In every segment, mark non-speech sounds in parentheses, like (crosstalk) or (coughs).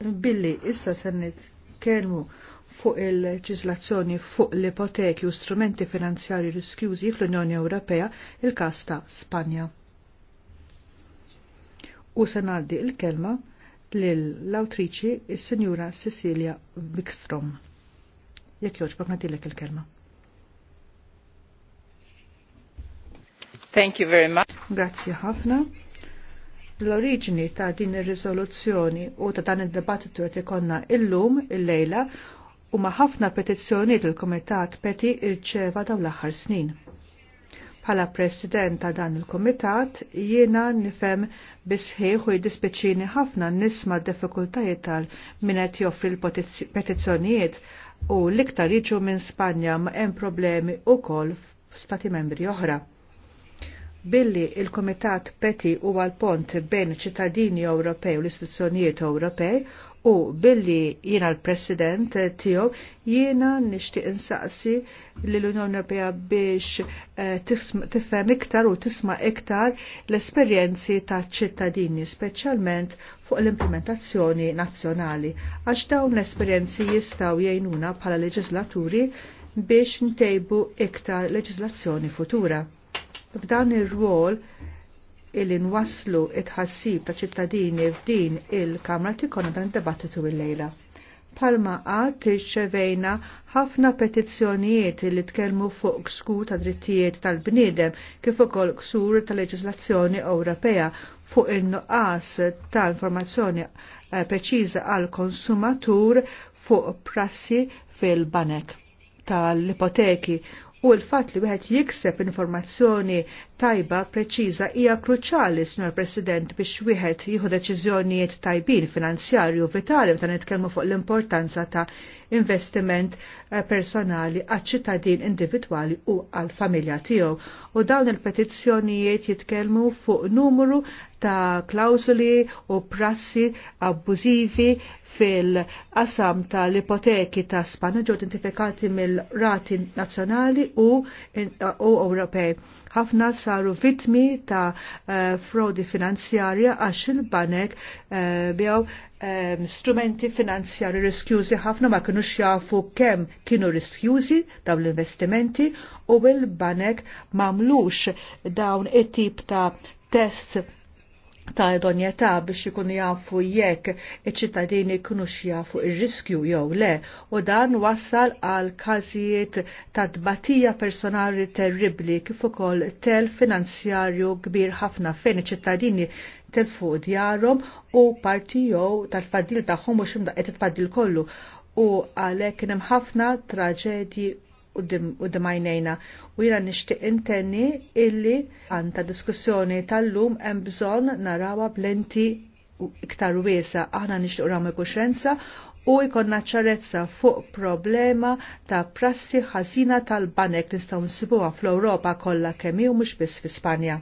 billi issa se nitkellmu fuq il ċislazzjoni fuq l-ipoteki u strumenti finanzjari riskjużi fl-Unjoni Ewropea il kasta Spanja. U se ngħaddi l kelma lill autriċi il-Senjura Cecilia Wikstrom. Jekk jogħġbok nagħtilek il-kelma. Thank you very much. Grazzi ħafna l-oriġini ta' din ir-riżoluzzjoni u ta' dan id-dibattitu qed ikonna illum il-lejla u ma' ħafna petizzjonijiet il-Kumitat Peti irċeva dawn l-aħħar snin. Bħala President ta' dan il-Kumitat jiena nifhem bisħiħ u jiddispeċini ħafna nisma' d-diffikultajiet tal min qed joffri l-petizzjonijiet u l-iktar jiġu minn Spanja ma' hemm problemi wkoll f'stati membri oħra billi il-Komitat Peti u għal-pont bejn ċittadini Ewropej u l-istituzzjonijiet Ewropej u billi jiena l-President tiegħu jiena nixtieq insaqsi lill-Unjoni Ewropea biex eh, tifhem iktar u tisma iktar l-esperjenzi ta' ċittadini, speċjalment fuq l-implementazzjoni nazzjonali, għax dawn l-esperjenzi jistgħu jgħinuna bħala leġislaturi biex ntejbu iktar leġislazzjoni futura. F'dan ir-rwol illi nwasslu it-ħassib ta' ċittadini f'din il-Kamra Tikkonna dan id-debattitu il-lejla. Palma għad irċevejna ħafna petizzjonijiet li tkellmu fuq ksur ta' drittijiet tal-bniedem kif ukoll ksur tal-leġislazzjoni Ewropea fuq in-nuqqas ta' informazzjoni eh, preċiża għal konsumatur fuq prassi fil-banek tal-ipoteki u l-fatt li wieħed jikseb informazzjoni tajba preċiża hija kruċjali, Sinjor President, biex wieħed jieħu deċiżjonijiet tajbin finanzjarju vitali meta nitkellmu fuq l-importanza ta' investiment eh, personali għaċ-ċittadin individwali u għal-familja tiegħu. U dawn il-petizzjonijiet jitkellmu fuq numru ta' klawsuli u prassi abbużivi fil-qasam tal-ipoteki ta' Spanja ġew identifikati mill-rati nazzjonali u, u Ewropej. Ħafna saru vitmi ta' uh, frodi finanzjarja għax il-banek uh, um, strumenti finanzjari riskjużi ħafna ma kienux jafu kemm kienu riskjużi dawn l-investimenti u l-banek mamlux dawn it-tip ta' tests ta' donjeta biex ikun jafu jekk iċ-ċittadini jkunux jafu ir-riskju jew le u dan wassal għal każijiet ta' tbatija personali terribli kif ukoll tel finanzjarju kbir ħafna fejn iċ-ċittadini telfu djarhom u parti jew tal-fadil tagħhom mhux imdaqqiet it-tfadil kollu u għalhekk kien hemm ħafna traġedji u d-majnejna. U jina nishtiq intenni illi għanta diskussjoni tal-lum hemm bżon narawa blenti iktar wiesa. Aħna nishtiq ramu kuxenza u jkonna ċarezza fuq problema ta' prassi ħażina tal-banek nistaw nsibuha fl-Ewropa kollha kemm hu mhux biss fi Spanja.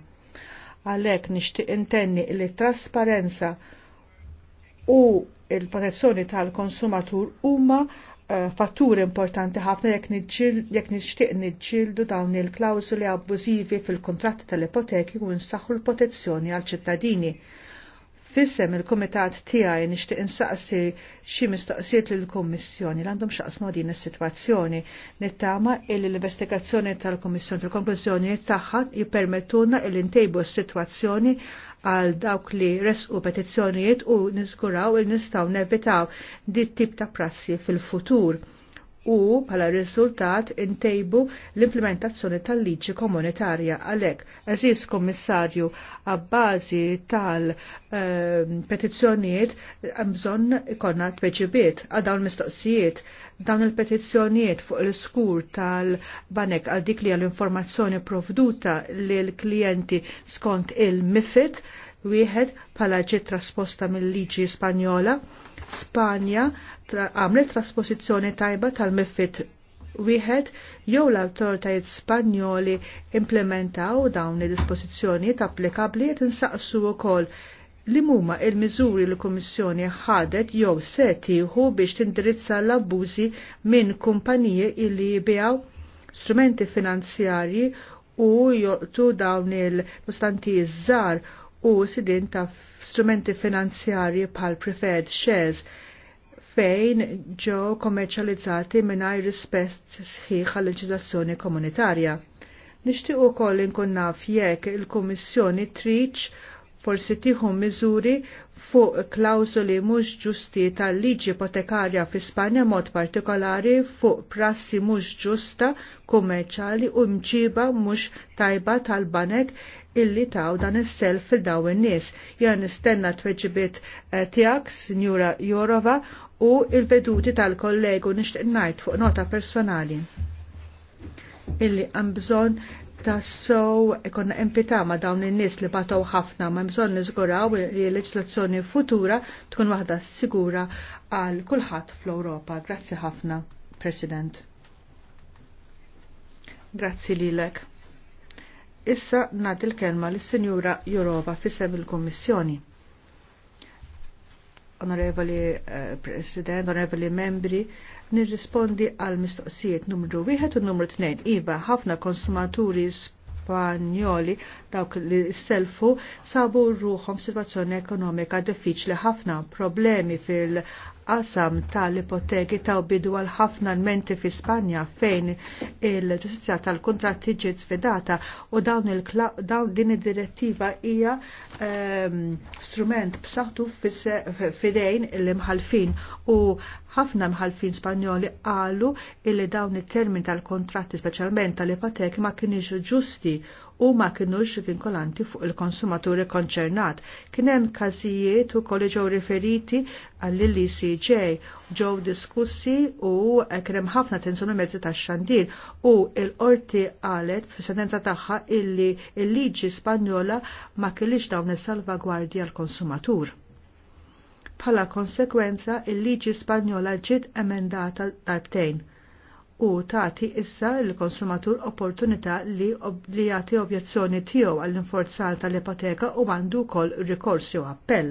Għalhekk nixtieq intenni li trasparenza u il-protezzjoni tal-konsumatur huma fattur importanti ħafna jekk nixtieq niġġieldu dawn il-klawsuli abbużivi fil-kontratti tal-ipoteki u nsaħħu l-protezzjoni għal ċittadini. Fissem il-komitat tiegħi nixtieq insaqsi xi mistoqsijiet lill kummissjoni li għandhom x'qasmu din is-sitwazzjoni. Nittama il l-investigazzjoni tal-Kummissjoni fil-konklużjoni tagħha jippermettuna il ntejbu s-sitwazzjoni għal dawk li resqu petizzjonijiet u niżguraw il nistgħu nevitaw dit tip ta' prassi fil-futur u pala riżultat intejbu l-implementazzjoni tal-liġi komunitarja għalek. Aziz kommissarju għabbażi tal-petizzjonijiet ehm, għamżon ikonna tweġibiet għal dawn mistoqsijiet dawn il-petizzjonijiet fuq l-skur tal-banek għal dik li għal-informazzjoni provduta li l-klienti skont il mifit wieħed pala ġiet trasposta mill-liġi Spanjola, Spanja għamlet trasposizzjoni tajba tal-mifit wieħed jew l-autoritajiet Spanjoli implementaw dawn id-dispożizzjonijiet applikabbli qed insaqsu wkoll li huma il-miżuri li kummissjoni ħadet jew se tieħu biex tindirizza l-abbużi minn kumpaniji illi jibgħu strumenti finanzjarji u joqtu dawn il-mustanti żgħar u sidin ta' strumenti finanzjarji pal preferred shares fejn ġew kommerċjalizzati mingħajr rispett sħiħ għal leġiżlazzjoni komunitarja. Nixtieq ukoll inkun naf jekk il-Kummissjoni triċ forsi tieħu miżuri fuq klawsoli mhux ġusti tal-liġi ipotekarja fi Spanja mod partikolari fuq prassi mhux ġusta, kummerċali u mġiba mhux tajba tal-banek illi taw dan is-self fil daw in-nies. Jan nistenna tweġibiet eh, tiegħek, Sinjura Jorova, u il-veduti tal-kollegu nixtieq ngħid fuq nota personali illi għam bżon ta' sow ikonna empita ma' dawn in-nies li bataw ħafna ma' bżon niżguraw li l-leġislazzjoni futura tkun waħda sigura għal kulħadd fl-Ewropa. Grazzi ħafna, President. Grazzi lilek. Issa nad l-kelma lis sinjura Jurova fisem il-Kummissjoni. Onorevoli eh, President, onorevoli membri, nirrispondi għal mistoqsijiet numru 1 u numru 2. Iva, ħafna konsumaturi Spanjoli dawk li s selfu sabu rruħom situazzjoni ekonomika diffiċli ħafna problemi fil qasam tal-ipoteki ta' bidu għal ħafna menti fi Spanja fejn il-ġustizja tal kontratti ġiet sfidata u dawn, dawn din id-direttiva hija um, strument b'saħħtu fidejn l-imħalfin u ħafna mħalfin Spanjoli qalu il dawn it-termin tal-kontratti speċjalment tal-ipoteki ma kienix ġusti u ma kinux vinkolanti fuq il-konsumaturi konċernat. Kien hemm każijiet ukoll ġew riferiti għall-ICJ e ġew diskussi u kien hemm ħafna u mezzi tax-xandir u l-qorti qalet fis-sentenza tagħha illi l-liġi Spanjola ma kellix dawn is-salvagwardja l-konsumatur. Bħala konsekwenza, il-liġi Spanjola ġiet emendata darbtejn u tagħti issa l-konsumatur opportunità li, li jagħti objezzjoni tiegħu għall-inforzar tal-ipoteka u għandu wkoll rikors jew appell.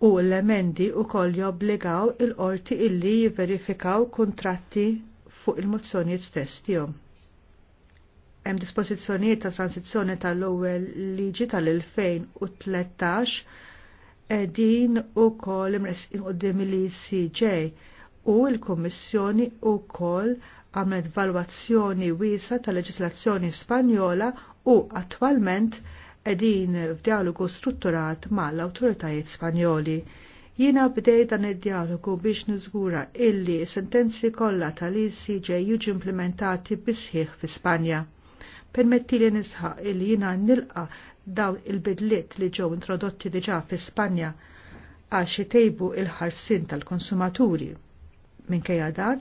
U l-emendi wkoll jobbligaw il-qorti illi jiverifikaw kuntratti fuq il mozzjoni stess tiegħu. Hemm dispożizzjonijiet ta' transizzjoni tal-ewwel liġi tal-2013 din ukoll imresqin qudiem il-CJ u l-Kommissjoni u kol għamlet valwazzjoni wisa tal leġislazzjoni Spanjola u attwalment edin f'dialogu strutturat mal l-autoritajiet Spanjoli. Jina bdej dan id-dialogu biex niżgura illi sentenzi kollha tal-ICJ jiġu implementati bisħiħ fi Spanja. Permetti li nisħaq illi jina nilqa dawn il-bidliet li ġew introdotti diġà fi Spanja għax jtejbu il-ħarsin tal-konsumaturi minkejja dan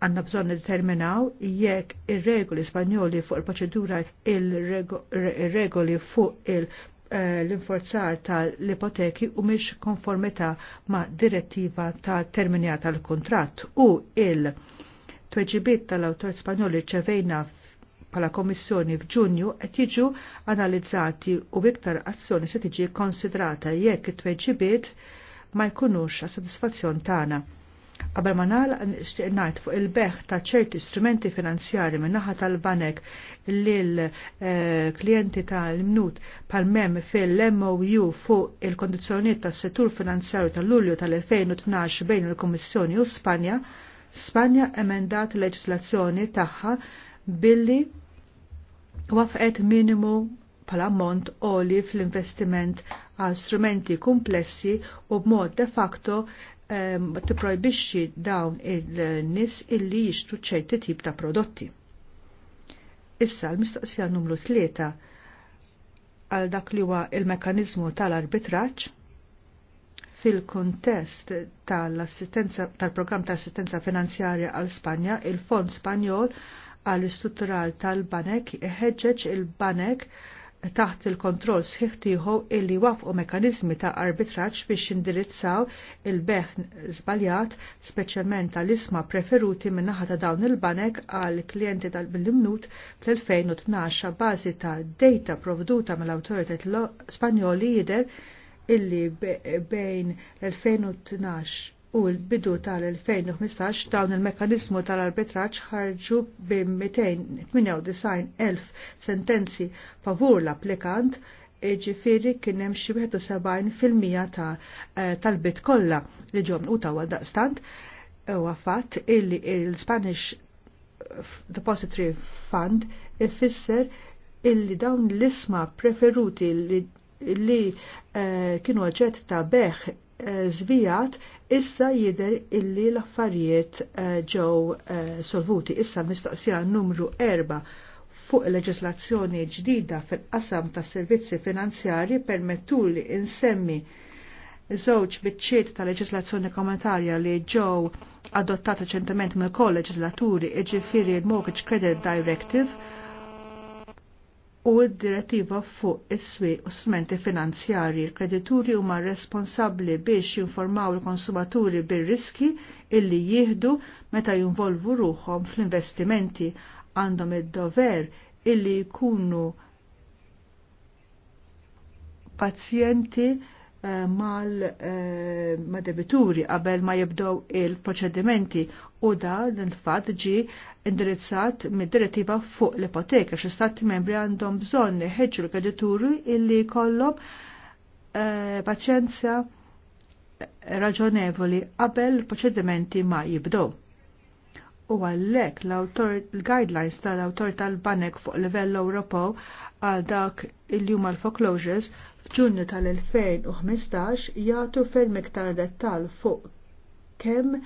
għanna bżon determinaw jekk ir-regoli Spanjoli fuq il-proċedura il-regoli fuq il- eh, l-inforzar tal-ipoteki u miex konformita ma' direttiva ta' terminja tal-kontrat u il-tweġibiet tal-autor Spanjoli ċevejna pala Komissjoni f'Ġunju qed jiġu analizzati u iktar azzjoni se tiġi konsidrata jekk it-tweġibiet ma jkunux għas sodisfazzjon tagħna. Qabel ma nagħlaq nixtieq ngħid fuq il-beħ ta' ċerti strumenti finanzjari min naħa tal-banek lil eh, klijenti tal-mnut pal-mem fil-MOU fuq il-kondizzjonijiet tas-settur finanzjarju tal-Lulju tal-2012 bejn il-Kummissjoni u Spanja, Spanja emendat leġislazzjoni tagħha billi wafqet minimu pal ammont oli fl-investiment għal strumenti komplessi u b'mod de facto Ehm, tipprojbixxi dawn il-nies illi jixtru ċerti tip ta' prodotti. Issa l-mistoqsija numru tlieta għal dak li huwa il-mekanizmu tal-arbitraġġ fil-kontest tal-assistenza tal-programm ta' assistenza finanzjarja għal Spanja, il-Fond Spanjol għal istruttural tal-Banek iħeġġeġ il banek taħt il-kontroll sħiħ tiħu illi wafqu mekanizmi ta' arbitraċ biex indirizzaw il-beħ zbaljat speċjalment tal-isma preferuti minnaħa ta' dawn il-banek għal klienti tal bil fl-2012 bażi ta' data provduta mill-autoritet spanjoli jider illi bejn l-2012 u l-bidu tal-2015 dawn il-mekanizmu tal-arbitraċ ħarġu b 298.000 sentenzi favur l-applikant ġifiri kien hemm xi 71% ta' eh, tal-bit kollha li ġom u tawal daqstant u fatt illi l-Spanish eh, Depository Fund ifisser illi dawn l-isma preferuti li, li uh, kienu ġed ta' beħ Eh, żvijat issa jider illi l-affarijiet eh, ġew eh, solvuti. Issa mistoqsija numru 4 fuq leġislazzjoni ġdida fil-qasam tas servizzi finanzjari li insemmi żewġ biċċiet ta' leġislazzjoni komunitarja li ġew adottat reċentement mill kol leġislaturi iġifiri l-Mortgage Credit Directive u d-direttiva fuq is-swieq u strumenti finanzjarji. Il-kredituri huma responsabbli biex jinformaw il-konsumaturi bir-riski illi jieħdu meta jinvolvu ruħom fl-investimenti għandhom id-dover illi jkunu pazjenti Eh, mal eh, debituri qabel ma jibdow il-proċedimenti u da l-infat ġi indirizzat mid-direttiva fuq l-ipoteka xi stati membri għandhom bżonn ħeġġu l-kredituri illi kollhom eh, paċenzja raġonevoli qabel il-proċedimenti ma jibdow u għallek l-guidelines tal-autor tal-banek fuq livell Ewropew għal dak il-jum foreclosures f'ġunju tal-2015 jagħtu ferm iktar dettal fuq kemm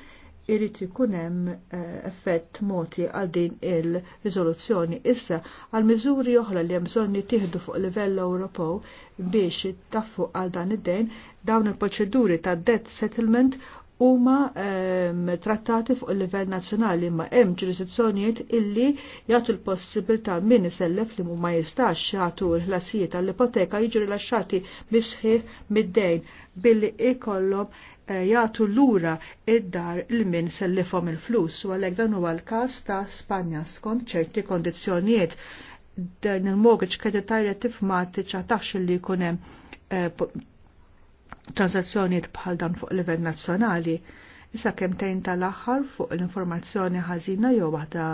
irid ikun hemm eh, effett moti għal din il-riżoluzzjoni issa għal miżuri oħra li hemm bżonn jittieħdu fuq livell Ewropew biex taffu għal dan id-dejn dawn il-proċeduri ta' debt settlement huma ehm, trattati fuq il-livell nazzjonali ma hemm ġurisdizzjonijiet illi jagħtu l-possibilità min isellef li ma jistax jagħtu l-ħlasijiet għall-ipoteka jiġu rilaxxati bisħiħ mid-dejn billi ikollhom eh, jagħtu lura id-dar il min sellifhom il-flus u għalhekk dan huwa l-każ ta' Spanja skont ċerti kondizzjonijiet dan il-mortgage kreditari tifma tiċċatax li jkun hemm eh, transazzjonijiet bħal dan fuq livell nazzjonali, issa kemtejn tal-aħħar fuq l-informazzjoni ħażina jew waħda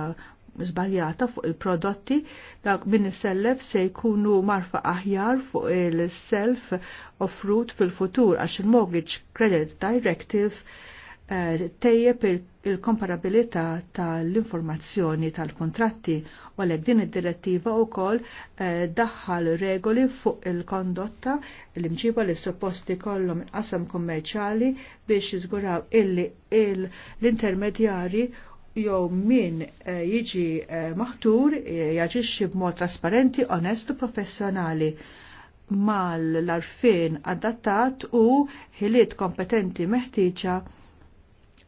żbaljata fuq il-prodotti dak min sellef se jkunu marfa aħjar fuq il-self fruit fil-futur għax il-Mortgage Credit Directive Er, tejjeb il-komparabilità tal-informazzjoni tal-kontratti u għalek din id-direttiva wkoll eh, daħħal regoli fuq il-kondotta l-imġiba li supposti kollhom asam kummerċjali biex jiżguraw illi l-intermedjari jew min eh, jiġi eh, maħtur jaġixxi b'mod trasparenti, onest u professjonali mal l-arfin adattat u ħiliet kompetenti meħtieġa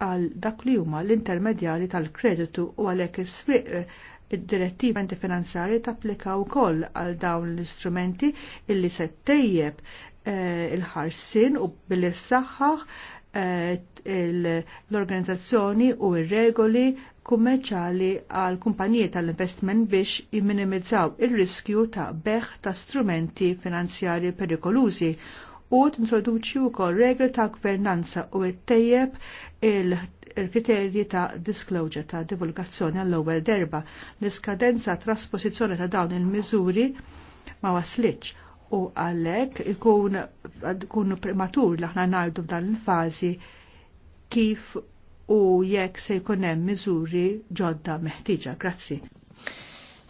għal dak li huma l-intermedjali tal-kreditu u għalhekk is-swieq eh, id direttivi finanzjarji tapplika wkoll għal dawn l-istrumenti illi se tejjeb eh, il-ħarsin u billi saħħaħ eh, l-organizzazzjoni u r-regoli kummerċali għal kumpaniji tal-investment biex jimminimizzaw il-riskju ta' beħ ta' strumenti finanzjari perikolużi u tintroduċi wkoll regli ta' gvernanza u ttejjeb il-kriterji ta' disclosure ta' divulgazzjoni għall-ewwel derba. L-iskadenza trasposizjoni ta' dawn il-miżuri ma waslitx u għalhekk ikun prematur li aħna ngħidu f'dan il-fażi kif u jekk se jkun hemm miżuri ġodda meħtieġa. Grazzi.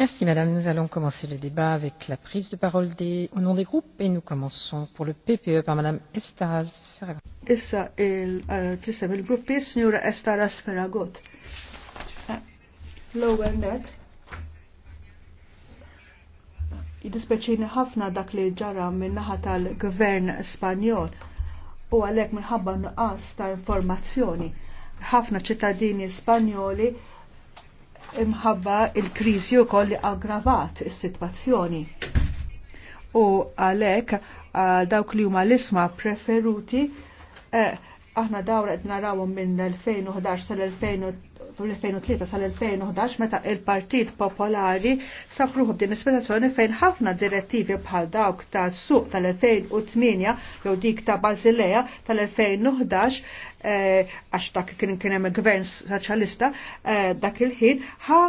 Merci Madame. Nous allons commencer le débat avec la prise de parole des, au nom des groupes et nous commençons pour le PPE par Madame Estaras Ferragot. Issa il-fissem euh, il-gruppi, signora Estaras Ferragot. L-ewwel net. Jidispeċini ħafna dak li ġara min-naħa tal-Gvern Spanjol u għalhekk minħabba nuqqas ta' informazzjoni ħafna ċittadini Spanjoli imħabba il-kriżi wkoll li aggravat is-sitwazzjoni. U għalhekk dawk li huma l-isma preferuti eh, aħna dawra qed narawhom minn 2011 sal-2013 fl-2003 sal-2011 meta il-Partit Popolari sapruħu b'din ispirazzjoni fejn ħafna direttivi bħal dawk ta' suq tal-2008 jew dik ta' Basilea tal-2011 eh, għax dak kien hemm il-gvern soċjalista eh, dak il-ħin ħa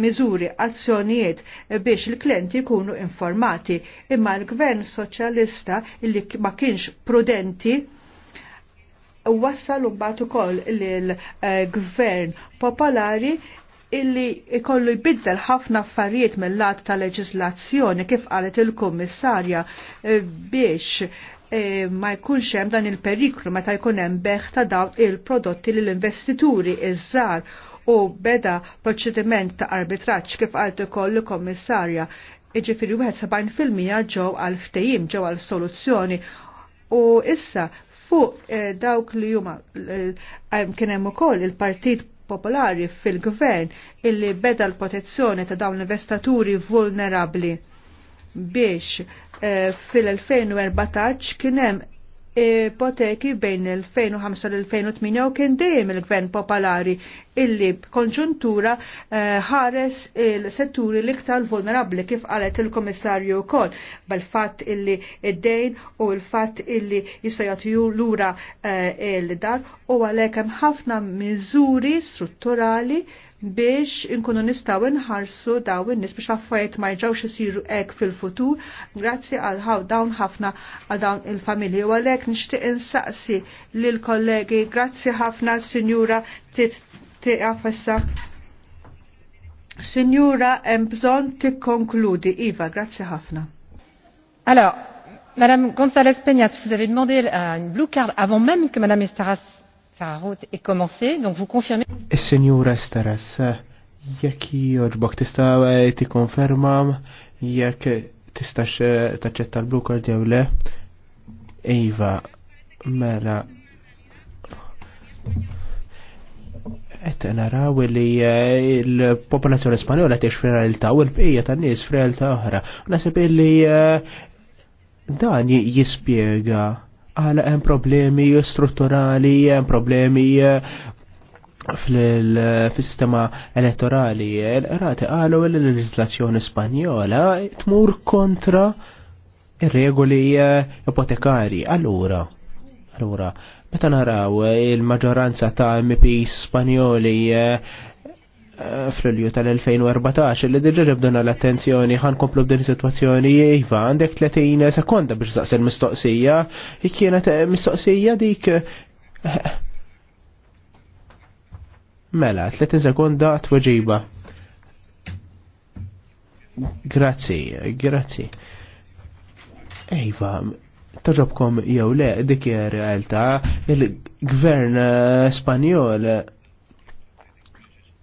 miżuri azzjonijiet biex il-klienti jkunu informati imma l-gvern soċjalista illi ma kienx prudenti wassal mbagħad ukoll lill-gvern eh, popolari illi ikollu jbiddel ħafna affarijiet mill-lat ta' leġislazzjoni kif qalet il-kummissarja eh, biex eh, ma jkunx hemm dan il-periklu meta jkun hemm beħ ta' dawn il-prodotti lill investituri iż-żar u beda proċediment ta' arbitraċ kif qalet ukoll il-kommissarja jiġifieri wieħed 71% ġew għal ftejim ġew għal soluzzjoni u issa fuq eh, dawk li huma kienem eh, kien hemm ukoll il-Partit Popolari fil-Gvern illi beda l-protezzjoni ta' dawn l-investaturi vulnerabli biex eh, fil-2014 kien hemm ipoteki bejn il-2005 l-2008 u kien dejjem il-gvern popolari illi b'konġuntura eh, ħares il-setturi l-iktar vulnerabli kif qalet il-komissarju wkoll bal fatt illi id-dejn u l-fatt illi jista' jagħtiju lura eh, il-dar u għalhekk hemm ħafna miżuri strutturali biex inkunu nistaw inħarsu daw nis biex affarijiet ma jġawx isiru ek fil-futur grazzi għal ħaw dawn ħafna għal dawn il-familji u għalek nishtiq insaqsi lil kollegi grazzi ħafna signora t tiqafessa. Sinjura hemm bżonn tikkonkludi. Iva, grazzi ħafna. Alors, Madame González Peñas, vous avez demandé euh, une blue card avant même que Madame Estaras Ta' route est commencée, donc vous confirmez. Esteres, jekk joġbok tista' tikkonferma jekk tistax taċċetta l-blu card jew le. Iva, mela. Et naraw li eh, l-popolazzjoni spanjola tiex frelta u l-bqija tan-nies frelta oħra. Nasib li eh, dan jispjega għala hemm problemi strutturali, hemm problemi eh, fil-sistema elettorali. Rati għalu l-legislazzjoni spanjola tmur kontra regoli eh, ipotekari. Allura, allura, meta naraw il-maġoranza ta' MPs spanjoli eh, frilju tal-2014 li diġa ġabduna l-attenzjoni ħan komplu b'din situazzjoni jiva għandek 30 sekonda biex saqs il-mistoqsija kienet eh, mistoqsija dik eh, mela 30 sekonda tweġiba grazzi grazzi Ejva, taġobkom jew le dik realtà il-gvern Spanjol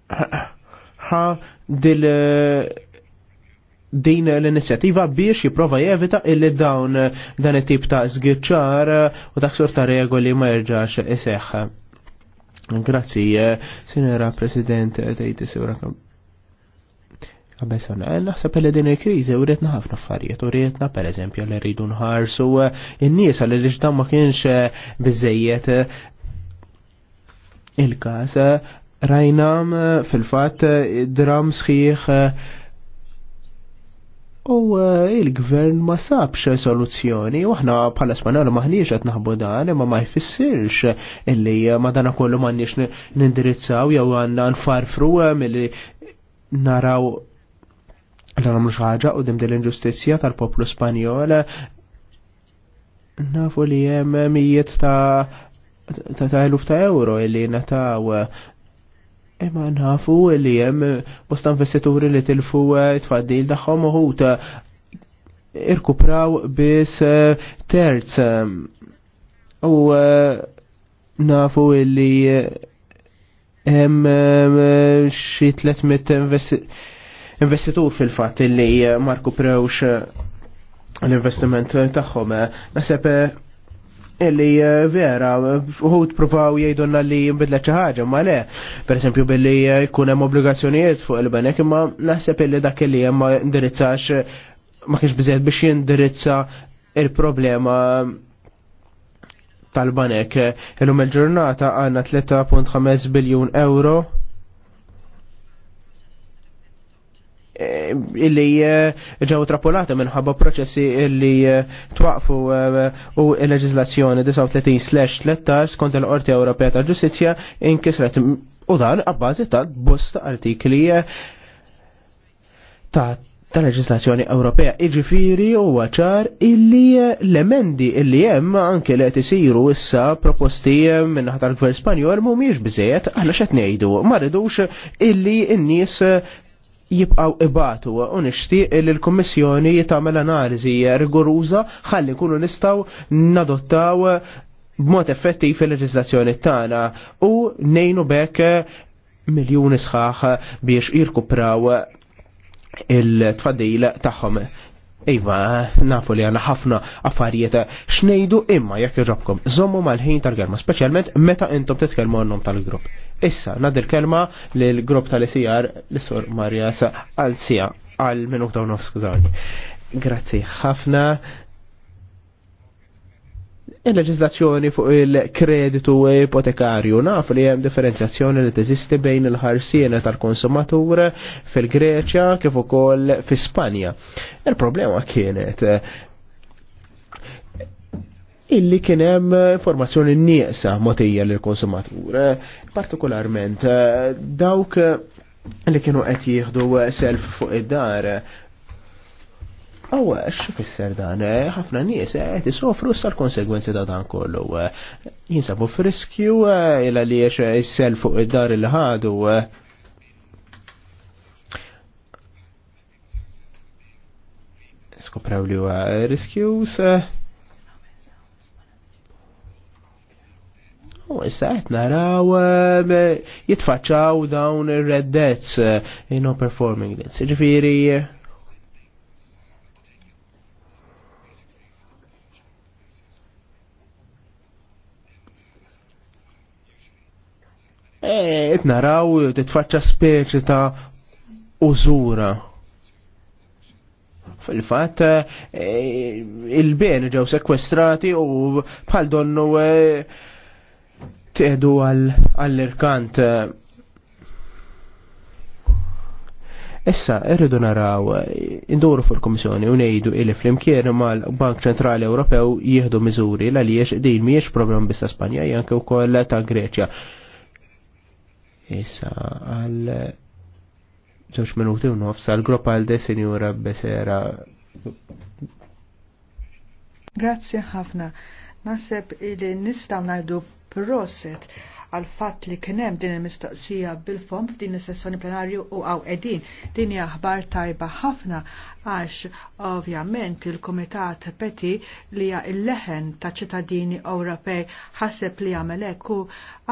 ħa dil din l-inizjattiva biex jiprofa jevita illi dawn dan it-tip ta' zgirċar u ksur ta' regoli ma jirġax iseħħ. Grazzi, Sinera President, tejti Sura Għabessona, naħseb li din il-krizi u rritna ħafna affarijiet, u rritna per eżempju li rridu nħarsu n-nies li l ma kienx bizzejiet il-kas rajnam eh, fil-fat eh, dram sħiħ eh, u il-gvern ma sabx soluzzjoni u aħna bħala Spanjola maħniex qed naħbu dan imma ma jfissirx illi madana kollu m'għandniex nindirizzaw jew għandna nfarfru milli naraw l nagħmlu xi ħaġa u dim dil-inġustizzja tal-poplu Spanjol nafu li hemm mijiet ta' ta' eluf ta' euro illi nataw Imma nafu li jem bosta investituri li tilfu eh, tfaddil daħħom uħut eh, irkupraw bis eh, terz u nafu li jem xie 300 investitur fil-fat li marku prewx l-investiment taħħom. Nasib illi eh, vera, uħut provaw jgħidulna li jimbidlet xi ħaġa, ma le, per esempio billi eh, jkun hemm obbligazzjonijiet fuq il-benek, imma naħseb illi dak li hemm ma indirizzax ma kienx biżejjed biex jindirizza il-problema tal-banek. Illum il-ġurnata għandna 3.5 biljun euro Eh, illi eh, ġew trapolati minħabba proċessi illi eh, twaqfu u l-leġizlazzjoni 39/13 kont l-Qorti Ewropea ta' ġustizzja inkisret u dan abbażi ta' bost artikli ta' ta' leġislazzjoni Ewropea. Iġifiri u ċar illi l-emendi illi hemm anke li qed isiru issa proposti minnaħa tal-Gvern Spanjol mhumiex biżejjed għala x'qed ngħidu. Ma rridux illi n-nies jibqaw ibatu u nixtieq li l-Kummissjoni tagħmel analiżi rigoruża ħalli nkunu nistgħu nadottaw b'mod effettiv il-leġislazzjoni tagħna u nejnu bekk miljuni sħaħ biex jirkupraw il-tfaddil tagħhom. Iva, nafu li għanna ħafna affarijiet xnejdu imma jekk irġobkom. Zommu mal-ħin tal-kelma, specialment meta intom titkellmu għannom tal-grupp. Issa, nadir kelma l-grupp tal-ICR l-sur Marjas għal-sija għal-minuta u nofs Grazzi ħafna il-leġizlazzjoni fuq il-kreditu ipotekarju naf li hemm differenzjazzjoni li teżisti bejn il-ħarsiena tal-konsumatur fil-Greċja kif ukoll fl-Spanja. Il-problema kienet illi kien hemm informazzjoni nieqsa motija lil konsumatur partikolarment eh, dawk li kienu qed jieħdu self fuq id-dar xo fisser dan, eh, ħafna nies eh, qed isofru sar konsegwenzi ta' dan kollu. Eh. Jinsabu friskju illa li jissel fuq id-dar il ħadu. Skopraw li huwa riskjus. U issa qed naraw jitfaċċaw dawn ir-red debts, non performing debts. Ġifieri qed naraw titfaċċa speċi ta' użura. Fil-fatt eh, il-beni ġew sekwestrati u bħal donnu eh, teħdu għall-irkant. Issa, irridu naraw, eh, induru fil-Komissjoni u ngħidu il flimkien mal-Bank Ċentrali Ewropew jieħdu miżuri l għaliex din miex problem bista Spanja, janke u koll ta' Greċja. Issa għal żewġ minuti u nofs għal grupp għal desin jura besera. Grazie ħafna. Naħseb li nistgħu ngħidu proset għal fatt li kien hemm din il-mistoqsija bil-fom f'din is-sessjoni plenarju u għaw edin. Din hija aħbar tajba ħafna għax ovvjament il-Kumitat Peti li hija il-leħen ta' ċittadini Ewropej ħaseb li għamelek u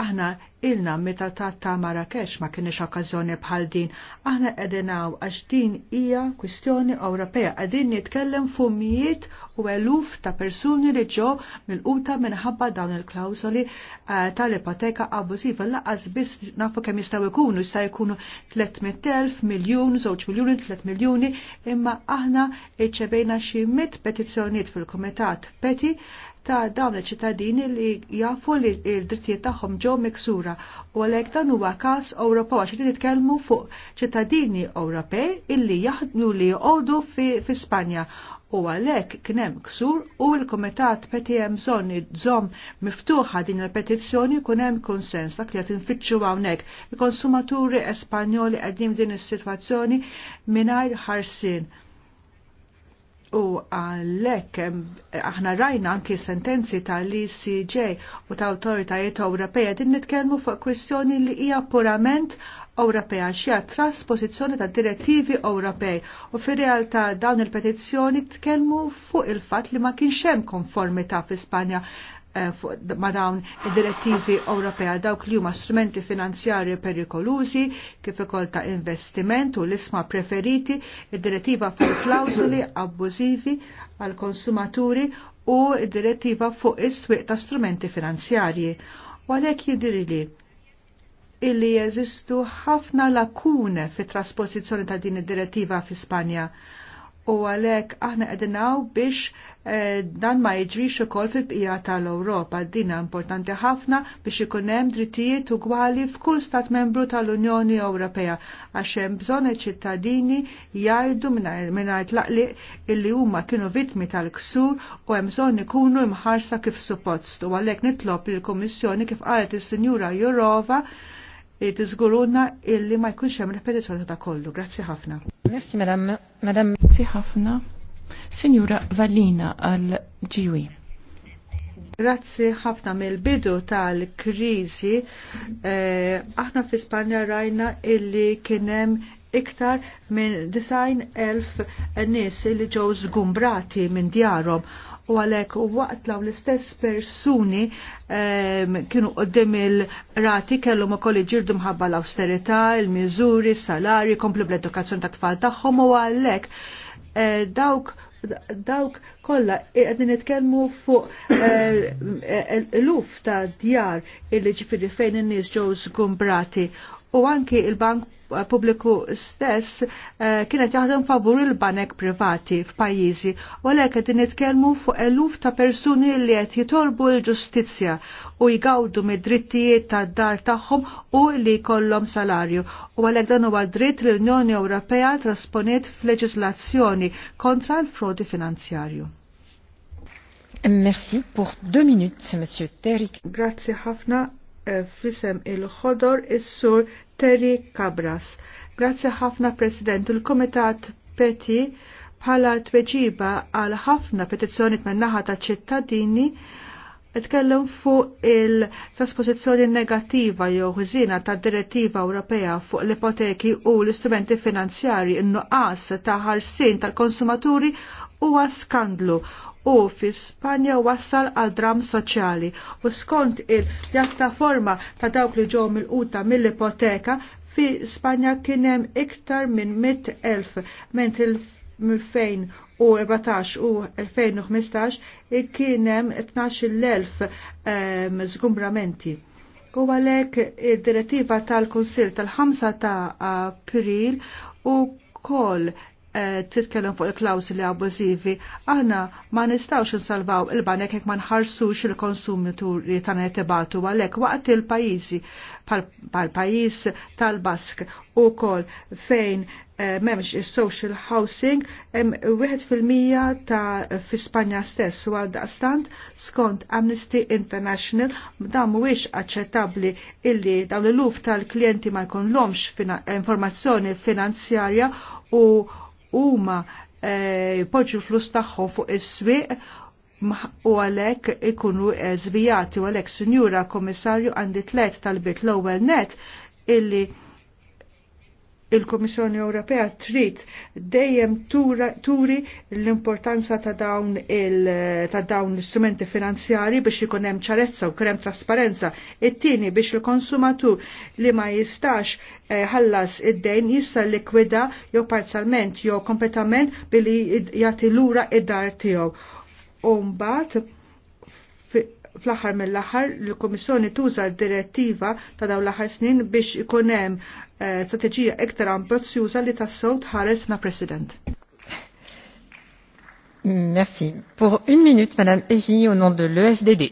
aħna ilna meta ta' ta' Marrakesh ma kienx okkażjoni bħal din. Aħna qegħdinaw għax din hija kwistjoni Ewropea qegħdin nitkellem fuq mijiet u eluf ta' persuni li ġew mill-quta minħabba dawn il-klawsoli eh, tal-ipoteka ta' abusiva laqas biss nafu kemm jistgħu jkunu, jista' jkunu 300.000 miljun, żewġ miljuni, 3 miljuni, imma aħna iċċebejna xi mit petizzjonijiet fil-Kumitat Peti ta' dawn iċ-ċittadini li jafu li l-drittijiet tagħhom ġew miksura u għalhekk dan huwa każ Ewropew għax qed nitkellmu fuq ċittadini Ewropej illi jaħdmu li jgħodu fi Spanja u għalhekk kien hemm ksur u l-Kumitat peti hemm bżonn miftuħa din il-petizzjoni jkun hemm konsens dak li qed infittxu hawnhekk. Il-konsumaturi Espanjoli qegħdin din is-sitwazzjoni mingħajr ħarsin. U għalek, aħna rajna anki sentenzi tal-ECJ u ta' autoritajiet Ewropeja din nitkellmu fuq kwistjoni li hija purament Ewropea xija trasposizzjoni ta' direttivi Ewropej u fir realtà dawn il-petizzjoni tkellmu fuq il-fatt li ma kienx hemm konformità fi Spanja eh, ma dawn id-direttivi Ewropea dawk li huma strumenti finanzjarji perikolużi kif ukoll ta' investiment u l-isma preferiti id-direttiva fuq klawsuli (coughs) abbużivi għal konsumaturi u id-direttiva fuq is-swieq ta' strumenti finanzjarji. U għalhekk jidhirli illi jeżistu ħafna lakune fit trasposizzjoni ta' din id-direttiva fi Spanja. U għalek aħna edinaw biex eh, dan ma jiġrix ukoll fil-bqija tal-Ewropa. Dina importanti ħafna biex ikun hemm drittijiet ugwali f'kull stat membru tal-Unjoni Ewropea għax hemm bżonn iċ-ċittadini jgħidu mingħajr tlaqliq illi huma kienu vittmi tal-ksur u hemm bżonn ikunu mħarsa kif suppost. U għalhekk nitlob lill-Kummissjoni kif qalet is-Sinjura Jurova li tiżguruna illi ma jkunx hemm ripetizzjoni ta' kollu. Grazzi ħafna. Merci madam, madam. Grazzi ħafna. Signora Valina għal ġiwi. E. Grazzi ħafna mill-bidu tal-krizi, eh, aħna fi Spanja rajna illi kienem iktar minn 90,000 nis li ġew żgumbrati minn djarhom u għalek u law l-istess persuni um, kienu qoddim il-rati kellu ma kolli ġirdu mħabba l-austerita, il-mizuri, salari, komplu bl-edukazzjoni ta' tfal tagħhom u għalek eh, dawk dawk kolla għedin nitkellmu fuq eh, eh, l uf ta' djar illi ġifiri fejn n-nis ġew zgumbrati u anki il-Bank pubbliku stess eh, kienet jaħdem favur il-banek privati f'pajjiżi u għalhekk qed nitkellmu fuq eluf ta' persuni li qed jitolbu l-ġustizzja u jgawdu mid-drittijiet tad-dar tagħhom u li jkollhom salarju. U għalhekk dan huwa dritt l-Unjoni Ewropea trasponiet f'leġislazzjoni kontra l-frodi finanzjarju. Merci pour deux minutes, Monsieur Terry. Grazie ħafna, Eh, fisem il-ħodor is-sur Terry Cabras. Grazzi ħafna President il-Komitat Peti bħala tweġiba għal ħafna petizzjoni naħa ta' ċittadini Itkellem fuq il trasposizzjoni negattiva jew ħżina ta' direttiva Ewropea fuq l-ipoteki u l-istrumenti finanzjari in-nuqqas ta' ħarsin tal-konsumaturi huwa skandlu u fi Spanja wassal għal dram soċjali u skont il-pjattaforma ta' dawk li ġew mill-quta mill-ipoteka fi Spanja kien hemm iktar minn 100,000 ment il fejn u 14 u 2015 kien hemm 12,000 ehm, zgumbramenti. U għalek id-direttiva tal-Konsil tal-5 ta' April u kol Eh, titkellem fuq il-klawsili abbużivi, aħna ma nistawx insalvaw il-banek jekk ma nħarsux il-konsumituri ta' netibatu għalhekk waqt il-pajjiżi pal-pajjiż tal-Bask u kol fejn eh, memx il-social housing hemm wieħed fil-mija ta' fi Spanja stess u għaldaqstant skont Amnesty International dan mhuwiex aċċettabbli illi dawn l-luf tal-klijenti ma jkunlhomx informazzjoni finanzjarja u huma eh, jpoġġu l-flus tagħhom fuq is-swieq u għalek ikunu zvijati eh, u għalek sinjura komissarju għandi tlet tal-bit l-ewwel net illi il-Komissjoni Ewropea trid dejjem turi l-importanza ta' dawn il ta' dawn l-istrumenti finanzjari biex ikun hemm ċarezza u krem trasparenza. It-tieni biex il-konsumatur li ma jistax eh, ħallas eh, id-dejn jista' likwida jew parzjalment jew kompletament billi jagħti lura id-dar tiegħu. U mbagħad fl-aħħar mill-aħħar l-Komissjoni tuża d-direttiva ta' dawn l-aħħar snin biex ikun hemm eh, strateġija iktar ambizzjuża li sowt ħares na' President. Merci. Pour une minute, Madame Evi, au nom de l'EFDD.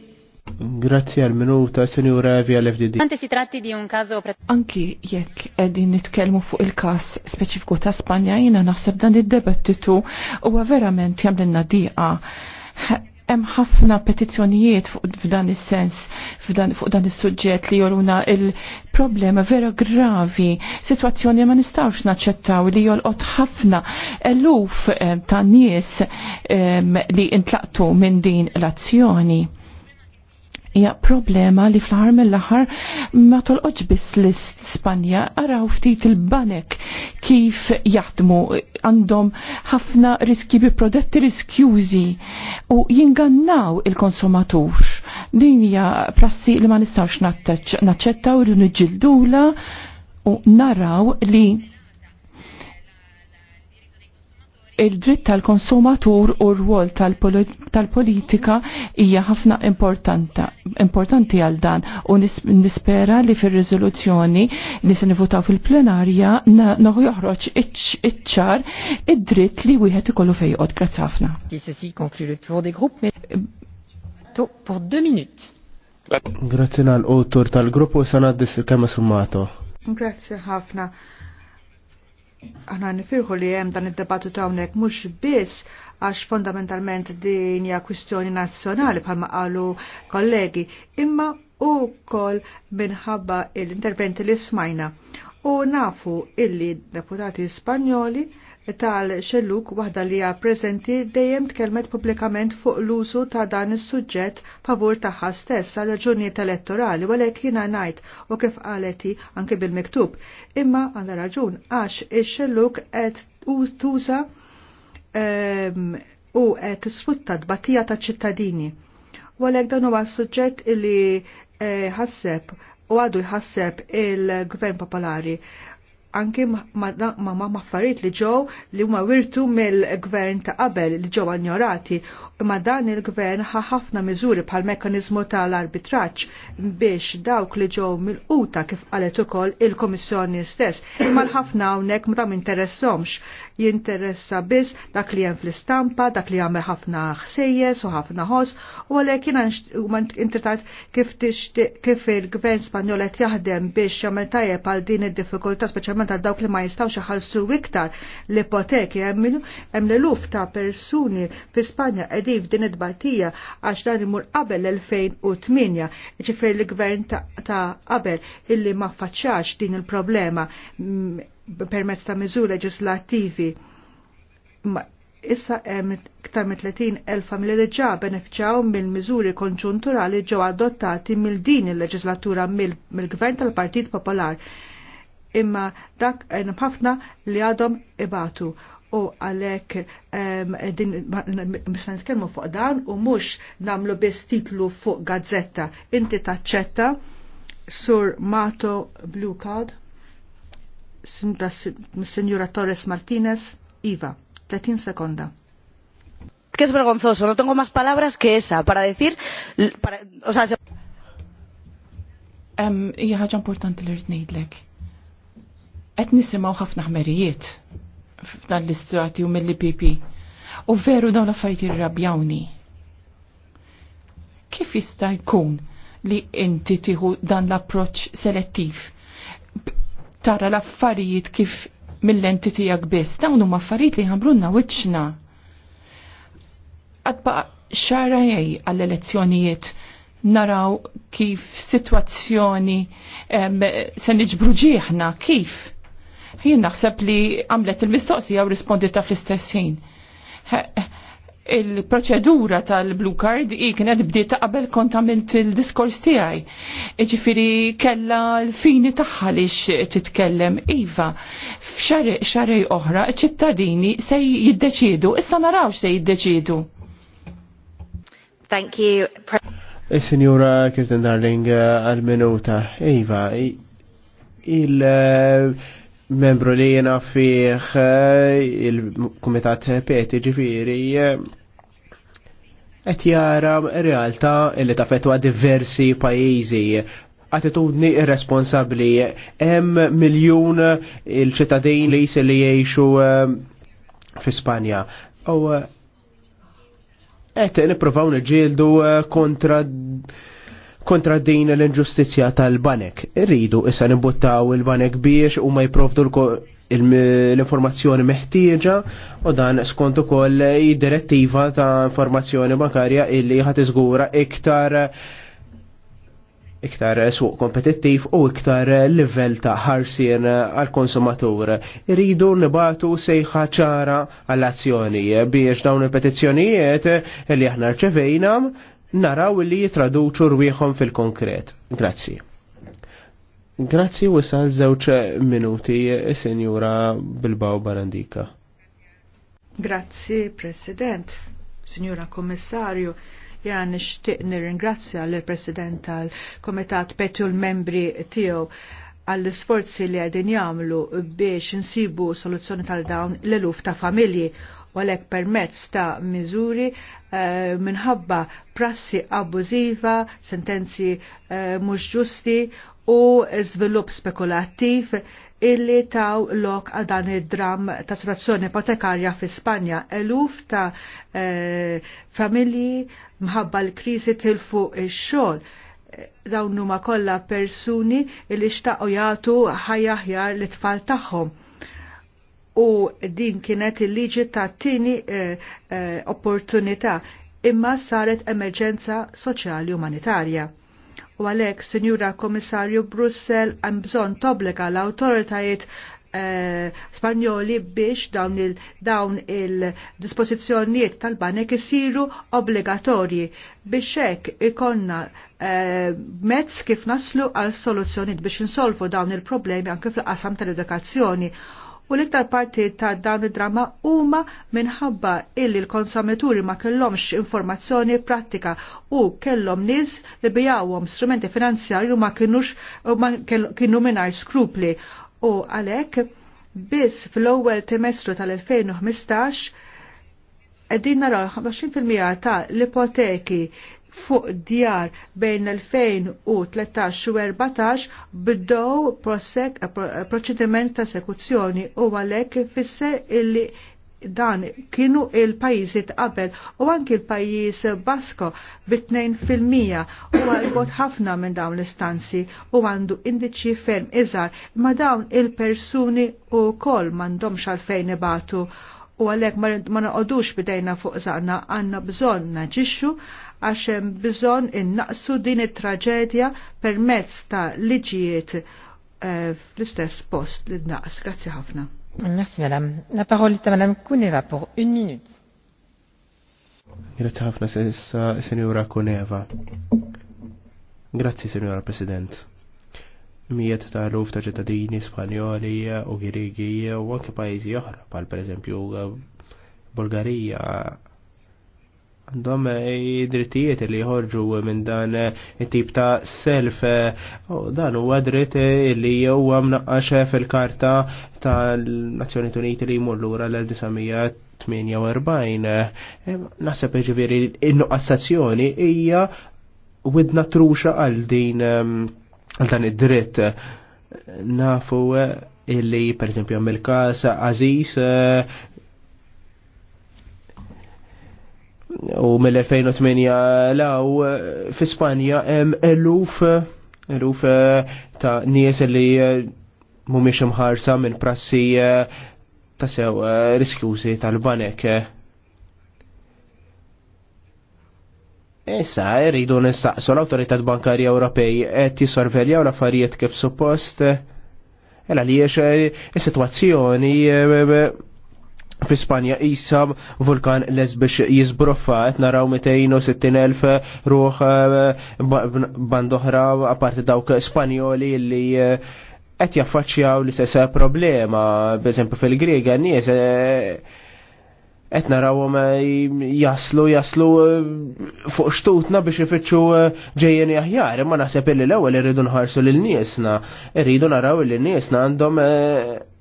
Grazie al minuta, signora Evi all'EFDD. FDD. si tratti di un caso Anki jekk edin nitkellmu fuq il-kas speċifiku ta' Spanja, jina naħseb dan id debattitu u verament jamlinna diqa Hemm ħafna petizzjonijiet f'dan is-sens fuq dan is-suġġett li joruna il-problema vera gravi, sitwazzjoni ma nistgħux naċċettaw li jolqot ħafna eluf eh, ta' nies eh, li intlaqtu minn din l-azzjoni hija problema li fl-ħar mill-aħħar ma tolqodx biss l-Ispanja araw ftit il-banek kif jaħdmu għandhom ħafna riski bi prodotti riskjużi u jingannaw il-konsumatur. Din hija prassi li ma nistgħux naċċettaw irridu niġġildula u naraw li il-dritt tal-konsumatur u r wol tal-politika hija ħafna importanti għal dan u nispera li fil-rizoluzzjoni li se nivotaw fil-plenarja noħu joħroġ iċ-ċar id-dritt li wieħed ikollu fejqod. Grazzi ħafna. Grazzi għal-autor tal-gruppu e sanaddis il kemma summato. Grazzi ħafna. Aħna nifirħu li hemm dan id-debattu ta' hawnhekk mhux biss għax fondamentalment din hija kwistjoni nazzjonali bħalma qalu kollegi, imma wkoll minħabba l-interventi li smajna. U nafu illi deputati Spanjoli tal-xelluk waħda li hija preżenti dejjem tkellmet pubblikament fuq l-użu ta' dan is-suġġett favur tagħha stess għal raġunijiet elettorali għalhekk jiena ngħid u kif qaleti anke bil-miktub. Imma għandha raġun għax ix-xelluk qed tuża ehm, u qed tisfutta tbatija ta' ċittadini. Walek dan huwa suġġett li eh, ħasseb u għadu jħasseb il-Gvern Popolari anki ma' maffariet li ġew li huma wirtu mill-gvern ta' qabel li ġew ignorati imma dan il-gvern ħa ħafna miżuri bħal mekkaniżmu tal-arbitraġġ biex dawk li ġew mill-quta kif qalet ukoll il-Komissjoni stess, imma l-ħafna hawnhekk ma dam interessomx jinteressa biss dak li hemm fl-istampa, dak li jagħmel ħafna ħsejjes u ħafna ħoss, u għalhekk jiena intritat kif kif il-gvern Spanjol qed jaħdem biex jagħmel tajjeb għal din id-diffikultà speċjalment għal dawk li ma jistgħux iħallsu iktar l-ipoteki hemm hemm l-luf ta' persuni fi Spanja qegħdin negattiv f'din id-batija għax dan imur qabel l-2008, ġifir l-gvern ta' qabel illi ma faċċax din il-problema mm, permezz ta' miżur leġislattivi. Issa hemm iktar minn 30,000 familja diġà beneficjaw mill-miżuri konġunturali ġew adottati mill din il-leġislatura mill-Gvern tal-Partit Popolar. Imma dak ħafna li għadhom ibatu u għalek ehm, din misna nitkellmu fuq dan u mux namlu biss titlu fuq gazzetta. Inti taċċetta sur Mato Blue Card, Signora Torres Martinez, Iva, 30 sekonda. Que es vergonzoso, no tengo más palabras que esa para decir, para, o sea, se... Um, ħaġa importanti li rtnejdlek. Qed nisimgħu ħafna ħmerijiet f'dan l-istrati u mill-IPP. U veru dawn l-affajt irrabjawni. Kif jista' jkun li inti tieħu dan l-approċċ selettiv? Tara l-affarijiet kif mill-enti tiegħek biss, dawn huma affarijiet li ħambrunna wiċċna. Għadbaqa xara jgħi għall-elezzjonijiet naraw kif situazzjoni se niġbruġiħna kif Jien naħseb li għamlet il-mistoqsija u ta' fl-istess ħin. Il-proċedura tal-blue card i kienet bdiet ta' qabel kont il-diskors tiegħi. Ġifieri kella l-fini tagħha li titkellem iva. F'xarej oħra ċittadini se jiddeċiedu, issa naraw se jiddeċiedu. Thank you. Eh, Sinjura Kirten Darling, eh, għal-minuta, Iva, il- eh, membru li jena fiħ eh, il-Kumitat Peti ġifiri eh, qed jara realtà li tafetwa diversi pajjiżi attitudni irresponsabbli hemm miljun il-ċittadin li jisir li jgħixu eh, fi Spanja. U qed nippruvaw niġġieldu kontra kontra din l-inġustizja tal-banek. Irridu issa nibuttaw il-banek biex u ma jiprovdu l-informazzjoni meħtieġa u dan skont ukoll id-direttiva ta' informazzjoni bankarja illi ħat iżgura iktar iktar suq kompetittiv u iktar livell ta' ħarsien għal konsumatur. Iridu nibatu sejħa ċara għall-azzjoni biex dawn il-petizzjonijiet li aħna rċevejna naraw li jitraduċu rwieħom fil-konkret. Grazzi. Grazzi u sa' zewċ minuti, Senjura Bilbao Barandika. Grazzi, President, Signora Kommissarju, jan ixtiq nir-ingrazzja l-President tal-Komitat Petju l-membri tiegħu għall-sforzi li għedin jamlu biex nsibu soluzzjoni tal-dawn l luf ta' familji għalek permezz ta' miżuri eh, minħabba prassi abbużiva, sentenzi eh, mhux ġusti u żvilupp spekulattiv illi taw lok għal dan id-dram ta' situazzjoni ipotekarja fi Spanja. Eluf ta' eh, familji mħabba l-krizi tilfu ix-xogħol eh, dawn huma kollha persuni li xtaqgħu jagħtu ħajja ħjar l tfal tagħhom u din kienet il-liġi ta' tini eh, eh, opportunità imma saret emerġenza soċjali umanitarja. U għalek, Sinjura Komissarju Brussel, għam bżon toblega l-autoritajiet eh, Spanjoli biex dawn il dawn il-dispożizzjonijiet tal-banek isiru obbligatorji biex hekk ikonna eh, mezz kif naslu għal soluzzjonijiet biex insolvu dawn il-problemi anke fl qasam tal-edukazzjoni u l-iktar parti ta' dawn id-drama huma minħabba illi l-konsumaturi ma kellhomx informazzjoni pratika u kellhom nies li bijawhom strumenti finanzjarju ma kienux ma kienu mingħajr skrupli u għalhekk biss fl-ewwel trimestru tal-2015 qegħdin naraw 25% ta' l-ipoteki fuq djar bejn 2013 u 14 bdow proċediment ta' sekuzzjoni u għalek fisse illi dan kienu il-pajizi qabel u anki il pajiz Basko bit-2% u għalbot ħafna minn dawn l-istanzi u għandu indiċi ferm iżar ma dawn il-persuni u kol mandomx għalfejn ibatu u għalek ma naqodux bidejna fuq zaqna għanna bżon naġixxu għaxem bżon innaqsu din it-traġedja permezz ta' liġijiet eh, fl-istess post li naqs. Grazzi ħafna. Merci madame. La parole est à madame Kuneva pour une minute. Grazie ħafna, senjura Kuneva. Grazie, senjura President mijiet ta' ruf ta' ċittadini Spanjoli eh, u Girigi eh, u anke pajjiżi oħra, pal pereżempju eh, Bulgarija għandhom id-drittijiet li jħorġu minn dan it-tip ta' self dan huwa dritt li huwa mnaqqax fil-karta tal-Nazzjoni Uniti li jmur lura l-1948 naħseb ġifieri in-nuqqassazzjoni hija widna truxa għal din ehm, għal dan id-dritt nafu eh, illi per esempio għamil kas Aziz eh, u mill-2008 law eh, fi Spanja hemm eluf eluf ta' nies li mhumiex imħarsa minn prassi ta' sew riskjużi tal-banek Issa, rridu nistaqsu l-autoritat bankarja Ewropej qed jisorveljaw l-affarijiet kif suppost. Ela li jiex eh, is-sitwazzjoni eh, eh, fi Spanja jisab vulkan lesbix jizbruffa qed naraw 260.000 ruħ bandoħra apparti dawk Spanjoli li qed jaffaċċjaw l-istess problema, b'eżempju fil-Griega nies qed narawhom eh, jaslu jaslu eh, fuq xtutna biex jifitxu eh, ġejjen aħjar, imma nasib illi l-ewwel irridu nħarsu l niesna, irridu naraw li niesna għandhom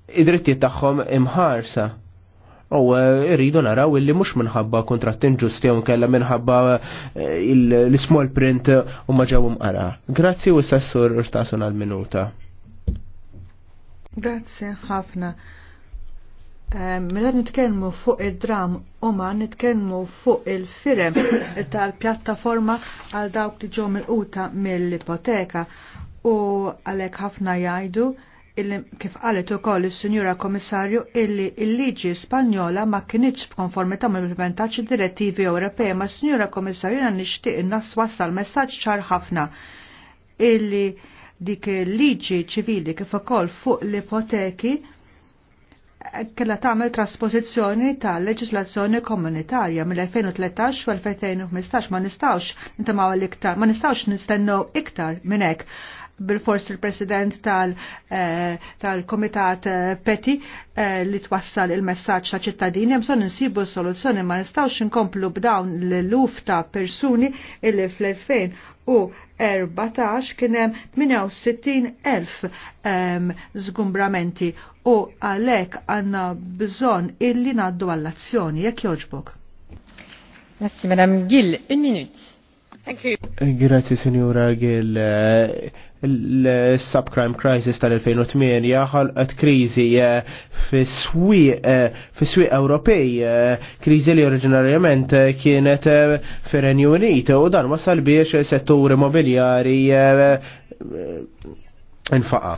id-drittijiet tagħhom imħarsa. U irridu naraw illi mhux minħabba kontratt inġusti jew kella minħabba l-small print u ma ġew imqara. Grazzi u sessur urtasun għal-minuta. Grazzi ħafna. Ehm, mela nitkellmu fuq id-dram huma nitkellmu fuq il-firem (coughs) tal-pjattaforma għal dawk li ġew milquta mill-ipoteka u għalhekk ħafna jgħidu kif qalet ukoll is-Sinjura Komissarju illi l-liġi Spanjola ma kienitx b'konformità mal id direttivi Ewropej ma Sinjura Komissarju jiena nixtieq innas wassal messaġġ ċar ħafna illi dik il-liġi ċivili kif ukoll fuq l-ipoteki kella tagħmel trasposizzjoni tal leġislazzjoni komunitarja mill-2013 u 2015 ma nistawx intamaw l-iktar, ma nistawx nistennew iktar minn hekk bil-fors il-president eh, tal-komitat eh, Peti eh, li twassal il-messagġ ta' ċittadini bżon insibu soluzzjoni ma nistawx inkomplu b'dawn l-luf ta' persuni illi fl-2014 kienem 68,000 ehm, zgumbramenti u għalek għanna bżon illi naddu għall-azzjoni jekk joġbok. Grazie, Madame Gill. un minute. Thank you. Grazie, signora Gill l-subcrime crisis tal-2008 ħalqet krizi eh, fi swi eh, Ewropej, eh, krizi li oriġinarjament kienet fir-Renju Unit u dan wasal biex settur immobiljari infaqa.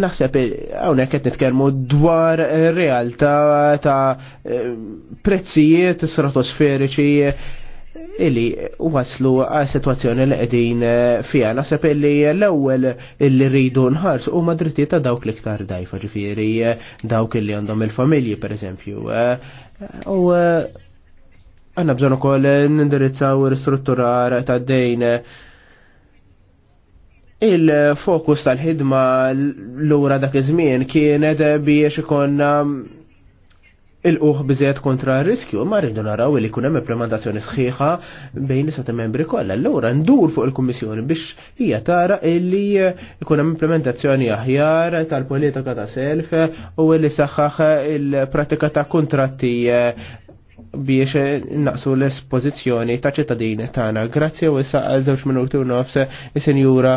Naħseb hawnhekk qed nitkellmu dwar realtà ta' prezzijiet stratosferiċi illi waslu għal situazzjoni li qegħdin eh, fiha. Naħseb illi l-ewwel illi rridu nħars u drittijiet ta' dawk l-iktar dajfa ġifieri eh, dawk illi għandhom il-familji pereżempju. Eh. U għanna bżonn ukoll nindirizzaw ristrutturar ta' dejn il-fokus tal-ħidma l-ura dak iż-żmien kienet biex ikonna il-uħ biżiet kontra riskju ma rridu naraw li kunem implementazzjoni sħiħa bejn is membri kollha. Allura ndur fuq il-Kummissjoni biex hija tara illi kunem implementazzjoni aħjar tal-politika ta' self u illi saħħaħ il-pratika ta' kontratti biex naqsu l-espożizzjoni ta' ċittadini tagħna. Grazzi u issa għal żewġ minuti u nofs is-Sinjura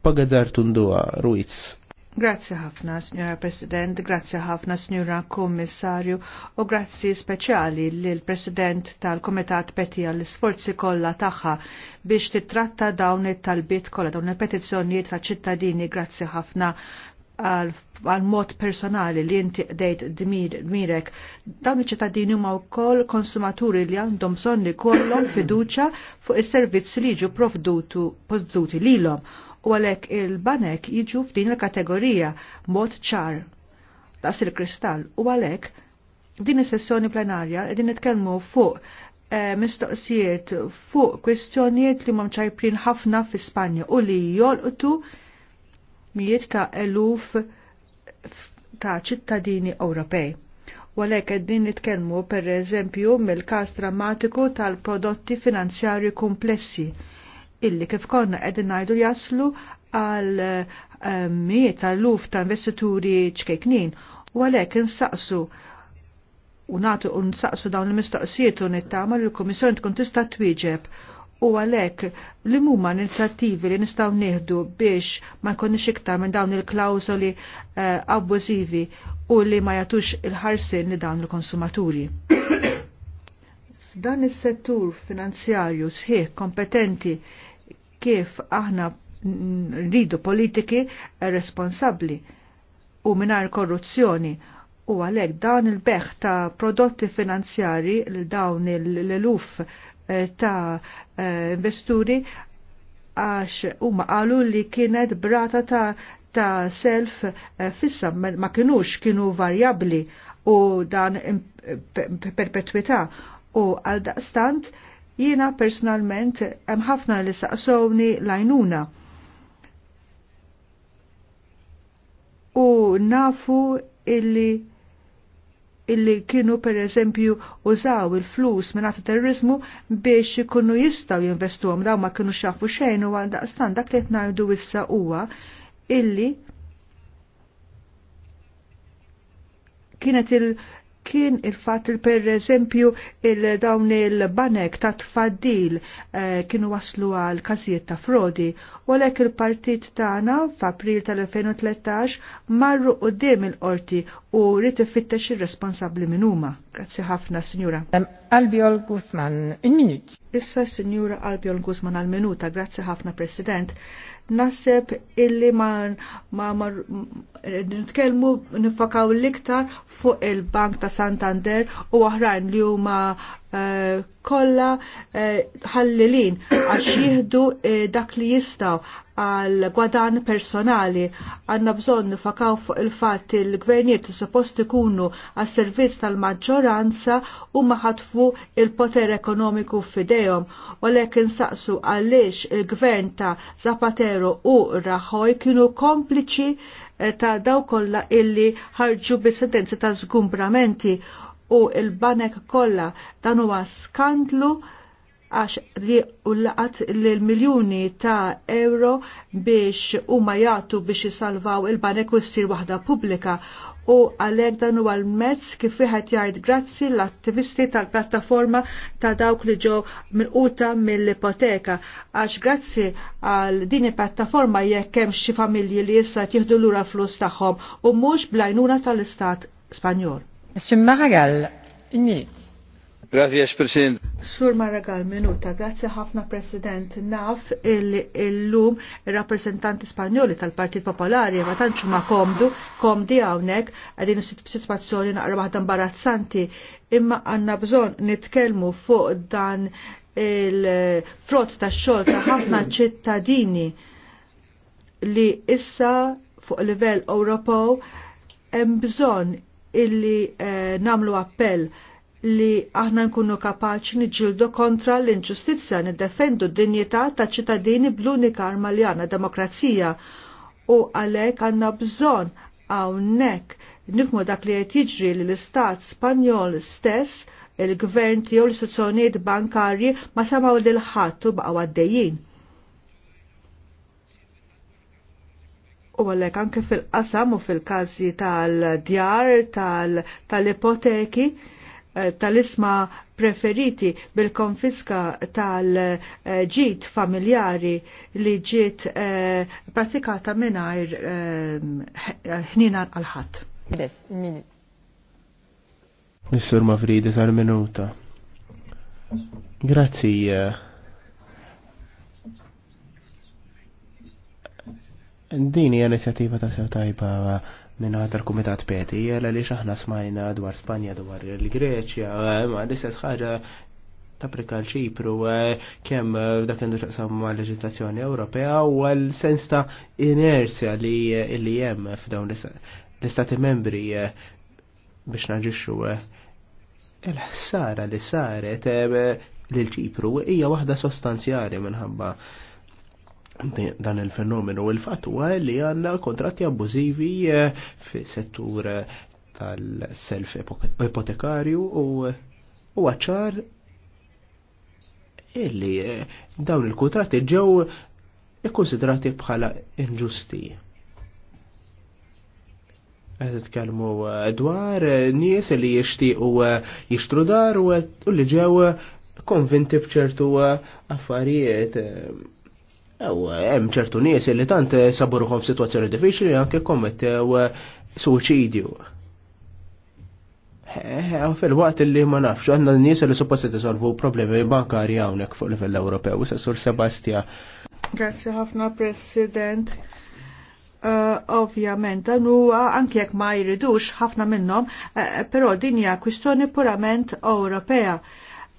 Pagazzar Tundua Ruiz. Grazzi ħafna, Signora President, grazzi ħafna, Signora Kommissarju, u grazzi speċjali lill president tal-Komitat Peti għall isforzi kollha tagħha biex titratta dawn it-talbiet kollha dawn il-petizzjonijiet ta' ċittadini, grazzi ħafna għal mod personali li inti dejt dmirek. Dawn iċ-ċittadini huma wkoll konsumaturi li għandhom bżonn kollhom fiduċja fuq is-servizzi li jiġu provduti lilhom u għalhekk il-banek jiġu f'din il-kategorija mod ċar daqs il-kristall u għalhekk din is-sessjoni plenarja qegħdin nitkellmu fuq E, mistoqsijiet fuq kwestjonijiet li ċajprin ħafna fi Spanja u li jolqtu mijiet ta' eluf ta' ċittadini Ewropej. Walek din nitkellmu per eżempju mill-każ drammatiku tal-prodotti finanzjari komplessi illi kif konna qegħdin najdu jaslu għal eh, miet tal-luf ta' investituri ċkejknin u għalhekk insaqsu u natu u nsaqsu dawn il-mistoqsijiet u nittama li l-Komissjoni tkun tista' twieġeb u għalhekk li huma inizjattivi li nistgħu nieħdu biex ma jkunniex iktar minn dawn il-klawsoli eh, abbużivi u li ma jagħtux il-ħarsin li dawn il-konsumaturi. (coughs) F'dan is-settur finanzjarju sħiħ kompetenti kif aħna rridu politiki responsabbli u minar korruzzjoni u għalek dawn il-beħ ta' prodotti finanzjari l-dawn l-eluf eh, ta' eh, investuri għax huma qalu li kienet brata ta' ta' self eh, fissa ma kienux kienu variabli u dan perpetwità u għal daqstant Jiena personalment hemm ħafna li saqsowni lajnuna. U nafu illi illi kienu per eżempju użaw il-flus minn għata terrorizmu biex ikunu jistaw jinvestu għom daw ma kienu xafu xejn u għandaqstan dak li jtnajdu issa huwa illi kienet il- kien il-fat per eżempju il-dawn il-banek ta' tfaddil eh, kienu waslu għal kazijiet ta' frodi, u lek il-partit tana f'April tal-2013 marru u dem il-qorti u rrit ifittex ir-responsabli minn huma. Grazzi ħafna, Sinjura. Albiol Guzman, un minut. Issa, Sinjura Albiol Guzman għal-minuta, grazzi ħafna, President. Naseb illi ma ma ma nitkelmu nifakaw l-iktar fuq il-Bank ta' Santander u oħrajn li huma eh, kollha eh, ħallilin għax jieħdu eh, dak li jistgħu għal gwadan personali. Għanna bżon nifakaw fuq il-fat il-gvernijiet suppost ikunu għas servizz tal-maġġoranza u maħatfu il-poter ekonomiku fidejhom. Għalhekk insaqsu għaliex il-gvern ta' Zapatero u Raħoj kienu kompliċi eh, ta' daw kollha illi ħarġu bis-sentenzi ta' zgumbramenti u il-banek kollha dan huwa skandlu għax li u laqat l-miljoni ta' euro biex huma jagħtu biex jisalvaw il-banek u s-sir waħda pubblika u għalek dan huwa għal mezz kif wieħed jgħid grazzi l-attivisti tal-plattaforma ta' dawk li ġew milquta mill-ipoteka għax grazzi għal din il-plattaforma jekk hemm xi familji li issa l lura flus tagħhom u mhux blajnuna tal-Istat Spanjol. Mr. Maragall, un minit Grazie, President. Sur Marragal, minuta. Grazie ħafna, President. Naf il-lum il rappresentanti spanjoli tal-Partit Popolari ma tantxu ma komdu, komdi għawnek, għadin situazzjoni naqra waħda imbarazzanti, imma għanna bżon nitkelmu fuq dan il-frott ta' xol ta' ħafna ċittadini li issa fuq livell Ewropew hemm bżonn illi eh, namlu appell li aħna nkunu kapaċi niġildu kontra l-inġustizzja, niddefendu d-dinjità ta' ċittadini bl-unika arma li għandna demokrazija u għalhekk għandna bżonn hawnhekk nifmu dak li qed jiġri li l-Istat Spanjol stess il-gvern tiegħu l-istituzzjonijiet bankarji ma samaw lil ħadd u baqgħu għaddejjin. U għalek anke fil-qasam u fil-kazi tal-djar, tal-ipoteki, tal Eh, tal-isma preferiti bil-konfiska tal-ġit familjari li ġiet eh, pratikata mingħajr eh, ħnina għal-ħadd. Bes, minut. Missur Mavridis għal-minuta. Grazzi. Dini għan inizjativa ta' sew tajba minna tal-Kumitat Peti, jela li xaħna smajna dwar Spanja, dwar il-Greċja, ma l-istess ħaġa tapprika l-ċipru eh, kemm dak l-indu ċaqsam leġislazzjoni Ewropea u għal-sens ta' inerzja li jem f'dawn l-istati membri eh, biex naġiċu eh, il-ħsara li saret l-ċipru hija waħda sostanzjali minħabba dan il-fenomenu. Il-fatt huwa li għanna kontratti abbużivi eh, fis-settur eh, tal-self ipotekarju u u għacċar illi eh, dawn il-kontratti ġew ikkonsidrati bħala inġusti. Għed t kelmu dwar nies li u jishtru dar u li ġew konvinti bċertu affarijiet U hemm ċertu nies li tant eh, saburuhom f'sitwazzjoni diffiċli anke kommettew eh, suċidju. Eh, fil-waqt li ma nafx, għanna n-nies li suppost tisolvu problemi bankari hawnhekk fuq livell Ewropew, Sur Sebastia. Grazzi ħafna President. Uh, ovvjament, dan huwa anke jekk ma jridux ħafna minnhom, uh, però din hija kwistjoni purament Ewropea.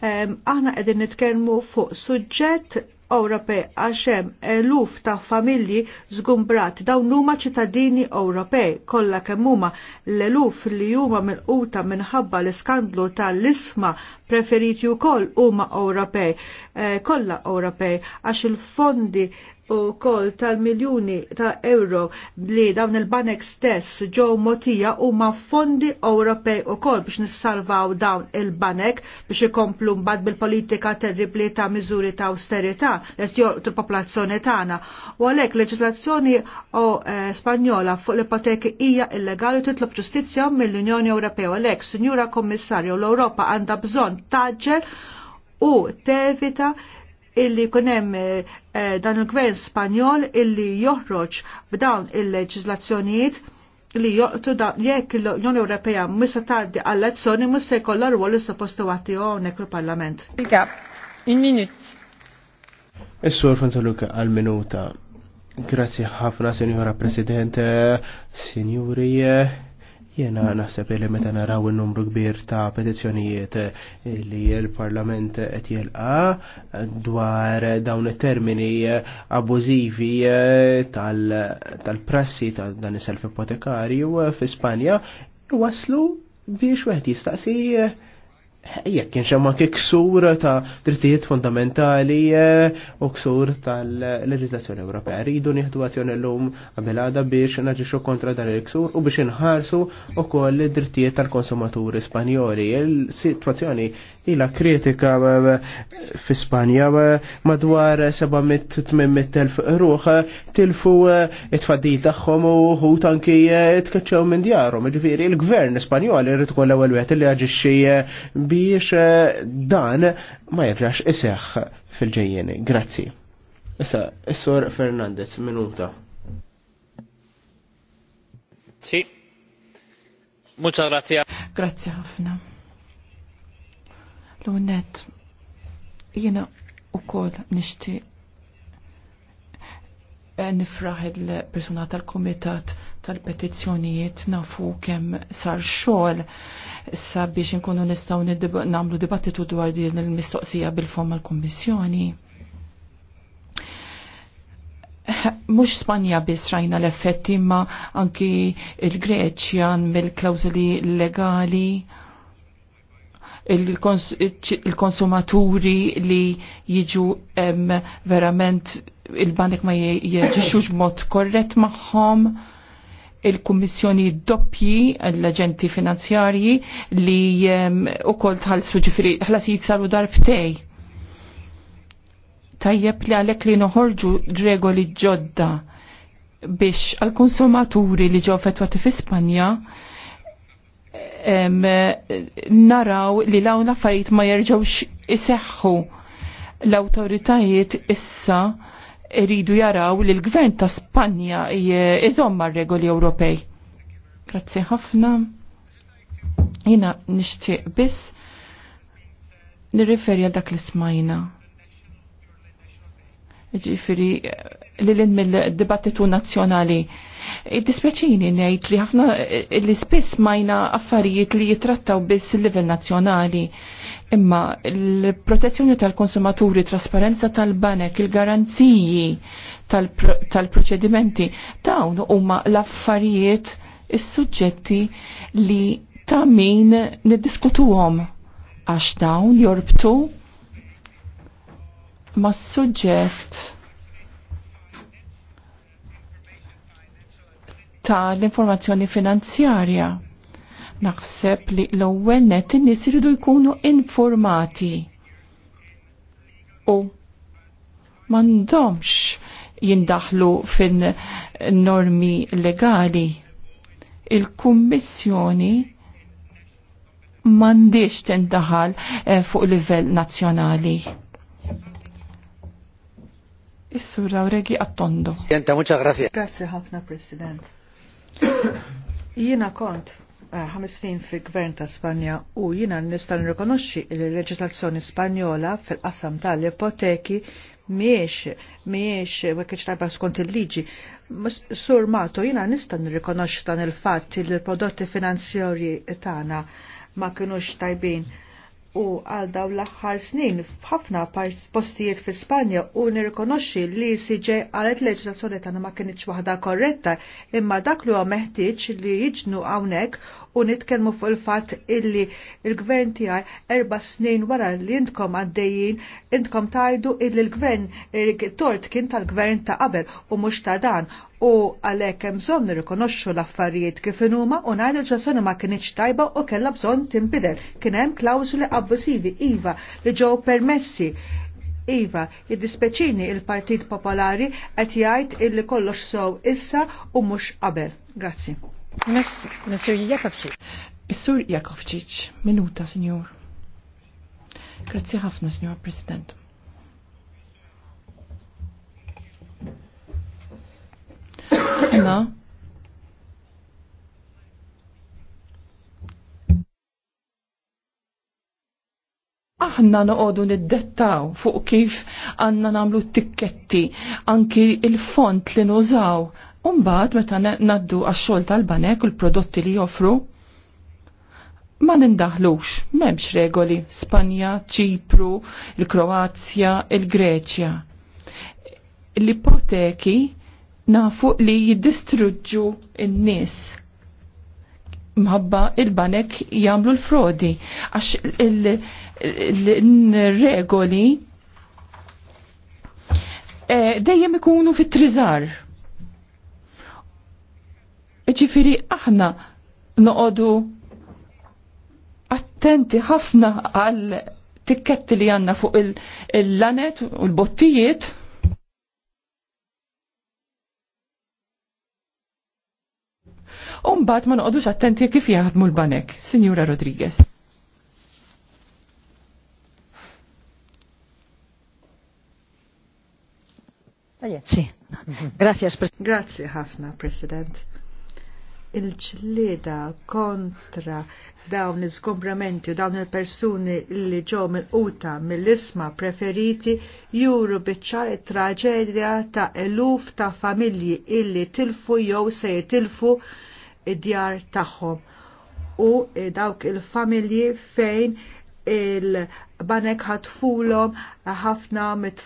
Um, aħna qegħdin nitkellmu fuq suġġett Ewropej għax hemm eluf ta' familji żgumbrat dawn huma ċittadini Ewropej kollha kemm huma l-eluf li huma milquta minħabba l-iskandlu tal-isma preferiti wkoll huma Ewropej eh, kollha Ewropej għax il-fondi u kol tal-miljuni ta' euro li dawn il-banek stess ġo motija u ma' fondi Ewropej u kol biex nissalvaw dawn il-banek biex ikomplu mbad bil-politika terribli ta' miżuri ta' austerita li t popolazzjoni tagħna. U għalhekk leġislazzjoni eh, Spanjola fuq l-ipoteki hija illegali titlob ġustizzja mill-Unjoni Ewropea. Għalhekk, Signora Kommissarju, l-Ewropa għandha bżonn taġġel u tevita illi kunem eh, dan il-gvern Spanjol illi joħroġ b'dawn il-leġizlazzjonijiet li joqtu da jekk l-Unjoni Ewropea mis tgħaddi għall-azzjoni mhux se jkollha rwol suppostu għati hawnhekk il-Parlament. Il minut. Is-sur Fanzaluka għal-minuta. Grazzi ħafna, Sinjora President, Sinjuri, eh, Jena naħseb li meta naraw il-numru kbir ta' petizzjonijiet eh, li l-Parlament qed jilqa eh, dwar dawn it-termini eh, abużivi tal-prassi ta' dan is-self ipotekarju fi Spanja waslu biex wieħed jistaqsi jekk kienx hemm anke ksur ta' drittijiet fundamentali eh, u ksur tal legislazzjoni Ewropea. Rridu nieħdu azzjoni l-lum għamilada biex naġixxu kontra dan il-ksur u biex inħarsu wkoll id-drittijiet tal-konsumaturi Spanjoli. Il-sitwazzjoni ilha kritika eh, fi Spanja eh, madwar 700-800 ruħ tilfu it faddil tagħhom u tanki anki tkeċċew minn djarhom. Ġifiri, il-gvern Spanjol irid tkun l-ewwel wieħed li aġixxi Biex eh, dan ma jirġax iseħ fil-ġejjeni. Grazzi. Issa, Issor Fernandez, minuta. Sì. Muċa grazzi. Grazzi ħafna. L-unet, jena u kol nishti eh, nifraħ il-persona tal-komitat tal-petizzjonijiet nafu kemm sar xogħol sabiex inkunu nistgħu nagħmlu dibattitu dwar din il-mistoqsija bil-fom mal-Kummissjoni. Mux Spanja biss rajna l-effetti imma anki il-Greċja mill-klawżoli legali il-konsumaturi li jiġu verament il-banek ma jieġiġux mod korret maħħom il-kummissjoni doppji l-agenti finanzjarji li ehm, u koll tħalsu ġifiri ħlasijiet saru darbtej. Tajjeb li għalek li noħorġu regoli ġodda biex għal-konsumaturi li ġew fetwati fi Spanja ehm, naraw li lawna affarijiet ma jerġawx iseħħu l-autoritajiet issa iridu jaraw li l-gvern ta' Spanja ma' regoli Ewropej. Grazzi ħafna. Jina nixtieq biss nirriferi għal dak li smajna. Ġifiri, li l-in mill-dibattitu nazjonali. Id-dispjaċini nejt li ħafna li spiss majna affarijiet li jitrattaw biss il-livell nazjonali. Imma l-protezzjoni tal-konsumaturi, trasparenza tal-banek, il-garanziji tal-proċedimenti, dawn huma l-affarijiet is-suġġetti li ta' min niddiskutuhom għax dawn jorbtu ma' suġġett tal-informazzjoni finanzjarja. Naħseb li l-ewwel net in-nies iridu jkunu informati u m'għandhomx jindaħlu fin-normi legali. Il-Kummissjoni m'għandix tindaħal eh, fuq livell nazzjonali. Is-sur Lawregi Attondo. Jenta, muċa grazie. Grazie ħafna, President. (coughs) Jiena kont eh, ħames snin fi gvern ta' Spanja u jiena nista' nirrikonoxxi il l-leġislazzjoni Spanjola fil-qasam tal-ipoteki miex miex ma kienx tajba skont il-liġi. Sur Mato jiena nista' nirrikonoxxi dan il-fatt li l-prodotti finanzjarji tagħna ma kinux tajbin u għal daw l-aħħar snin f'ħafna postijiet fi Spanja u nirrikonoxxi li CJ għalet leġislazzjoni tagħna ma kinitx waħda korretta imma dak li huwa meħtieġ li jiġnu hawnhekk u nitkellmu fuq il-fatt illi il-gvern tiegħi erba' snin wara li intkom għaddejjin intkom tajdu illi l-gvern tort kien tal-gvern ta' qabel u mhux ta' dan u għalhekk hemm bżonn nirrikonoxxu l-affarijiet kif huma u ngħidu ġasuna ma kinitx tajba u kellha bżonn tinbidel. Kien hemm klawsuli abbużivi iva li ġew permessi Iva, jiddispeċini il-Partit Popolari qed jgħid illi kollox sew issa u mhux qabel. Grazzi. Messur Jakovčić. is Jakovċiċ, minuta, Sinjur. Grazzi ħafna, Sinjur President. No. aħna noqogħdu niddettaw fuq kif għandna nagħmlu t-tikketti anki il-font li nużaw. Umbagħad meta naddu għax-xogħol tal-banek u l-prodotti li joffru, ma nindaħlux, m'hemmx regoli Spanja, Ċipru, il-Kroazja, il-Greċja. L-ipoteki nafu li jiddistruġġu n-nies mħabba il-banek jamlu l-frodi għax il-regoli eh, dejjem ikunu fit-trizar. Ġifiri aħna noqodu attenti ħafna għal tikketti li għanna fuq il-lanet u l-bottijiet u ma noqogħdux attenti kif jaħdmu l-banek. Signora Rodriguez. Sì. Grazie, Grazie ħafna, President il ċlida kontra dawn il-skombramenti u dawn il-persuni li ġew mill-quta mill-isma preferiti juru biċċar traġedja ta' eluf ta' familji illi tilfu jew se jitilfu id-djar tagħhom u eh, dawk il-familji fejn il-banek ħatfulhom ħafna mit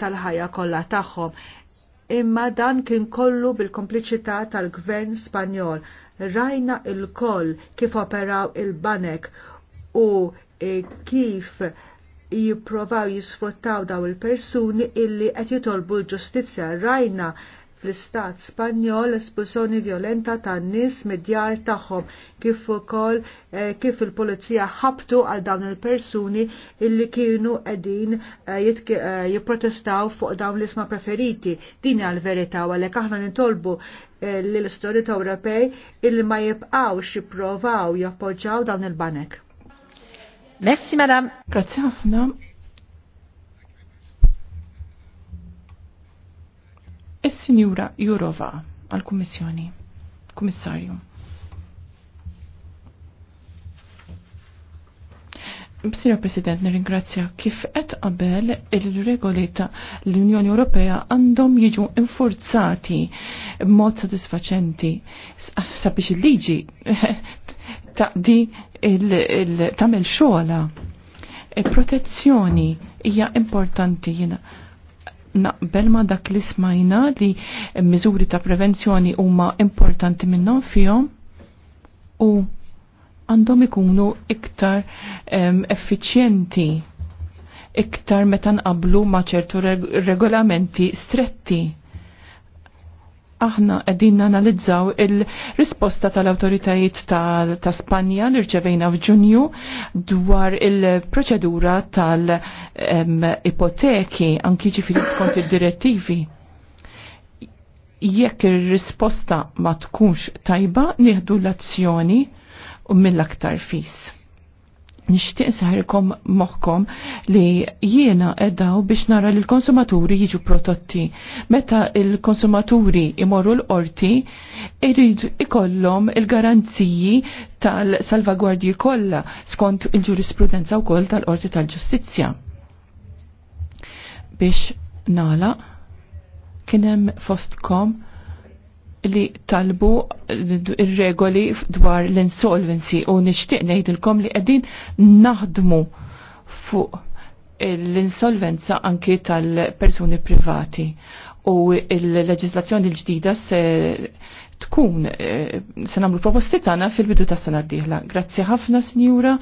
tal-ħajja kollha tagħhom. Imma dan kien kollu bil-kompliċità tal-Gvern Spanjol. Rajna il-koll kif operaw il-banek u eh, kif jipprovaw jisfruttaw daw il-persuni illi qed jitolbu l-ġustizzja rajna fl-istat Spanjol espulsjoni violenta tan nies mid-djar tagħhom kif ukoll eh, kif il-pulizija ħabtu għal dawn il-persuni illi kienu qegħdin eh, eh, jipprotestaw fuq dawn l-isma preferiti. Din għal verità għalhekk aħna nitolbu eh, lill istorit Ewropej illi ma jibqgħux jipprovaw jappoġġaw dawn il-banek. Merci madam. Grazie ħafna. Is-Sinjura Jurova għal-Kummissjoni. Kummissarju. Sira President, nirringrazzja kif qed qabel il-regoli ta' l-Unjoni Ewropea għandhom jiġu infurzati b'mod satisfaċenti. sabiex il-liġi (laughs) ta' di il-tamel xogħla. E protezzjoni hija importanti jiena naqbel ma dak li smajna li miżuri ta' prevenzjoni huma importanti minnhom fihom u għandhom ikunu iktar effiċjenti iktar meta nqablu ma' ċertu regolamenti stretti aħna għedin nanalizzaw il-risposta tal-awtoritajiet ta', ta Spanja li rċevejna f'Ġunju dwar il-proċedura tal-ipoteki anki ġifieri skont id-direttivi jekk ir-risposta ma tkunx tajba nieħdu l-azzjoni u mill-aktar fis nishtiq saħirkom moħkom li jiena eddaw biex nara li l-konsumaturi jiġu prototti. Meta l-konsumaturi imorru l-qorti, irrid ikollhom il-garanziji tal-salvagwardji kollha skont il-ġurisprudenza wkoll tal-qorti tal-ġustizzja. Biex nala kienem fostkom li talbu ir-regoli dwar l-insolvency u nixtieq ngħidilkom li qegħdin naħdmu fuq l-insolvenza anki tal-persuni privati u l-leġislazzjoni l-ġdida se tkun eh, se nagħmlu proposti tagħna fil-bidu tas sena d-dieħla. Grazzi ħafna, Sinjura.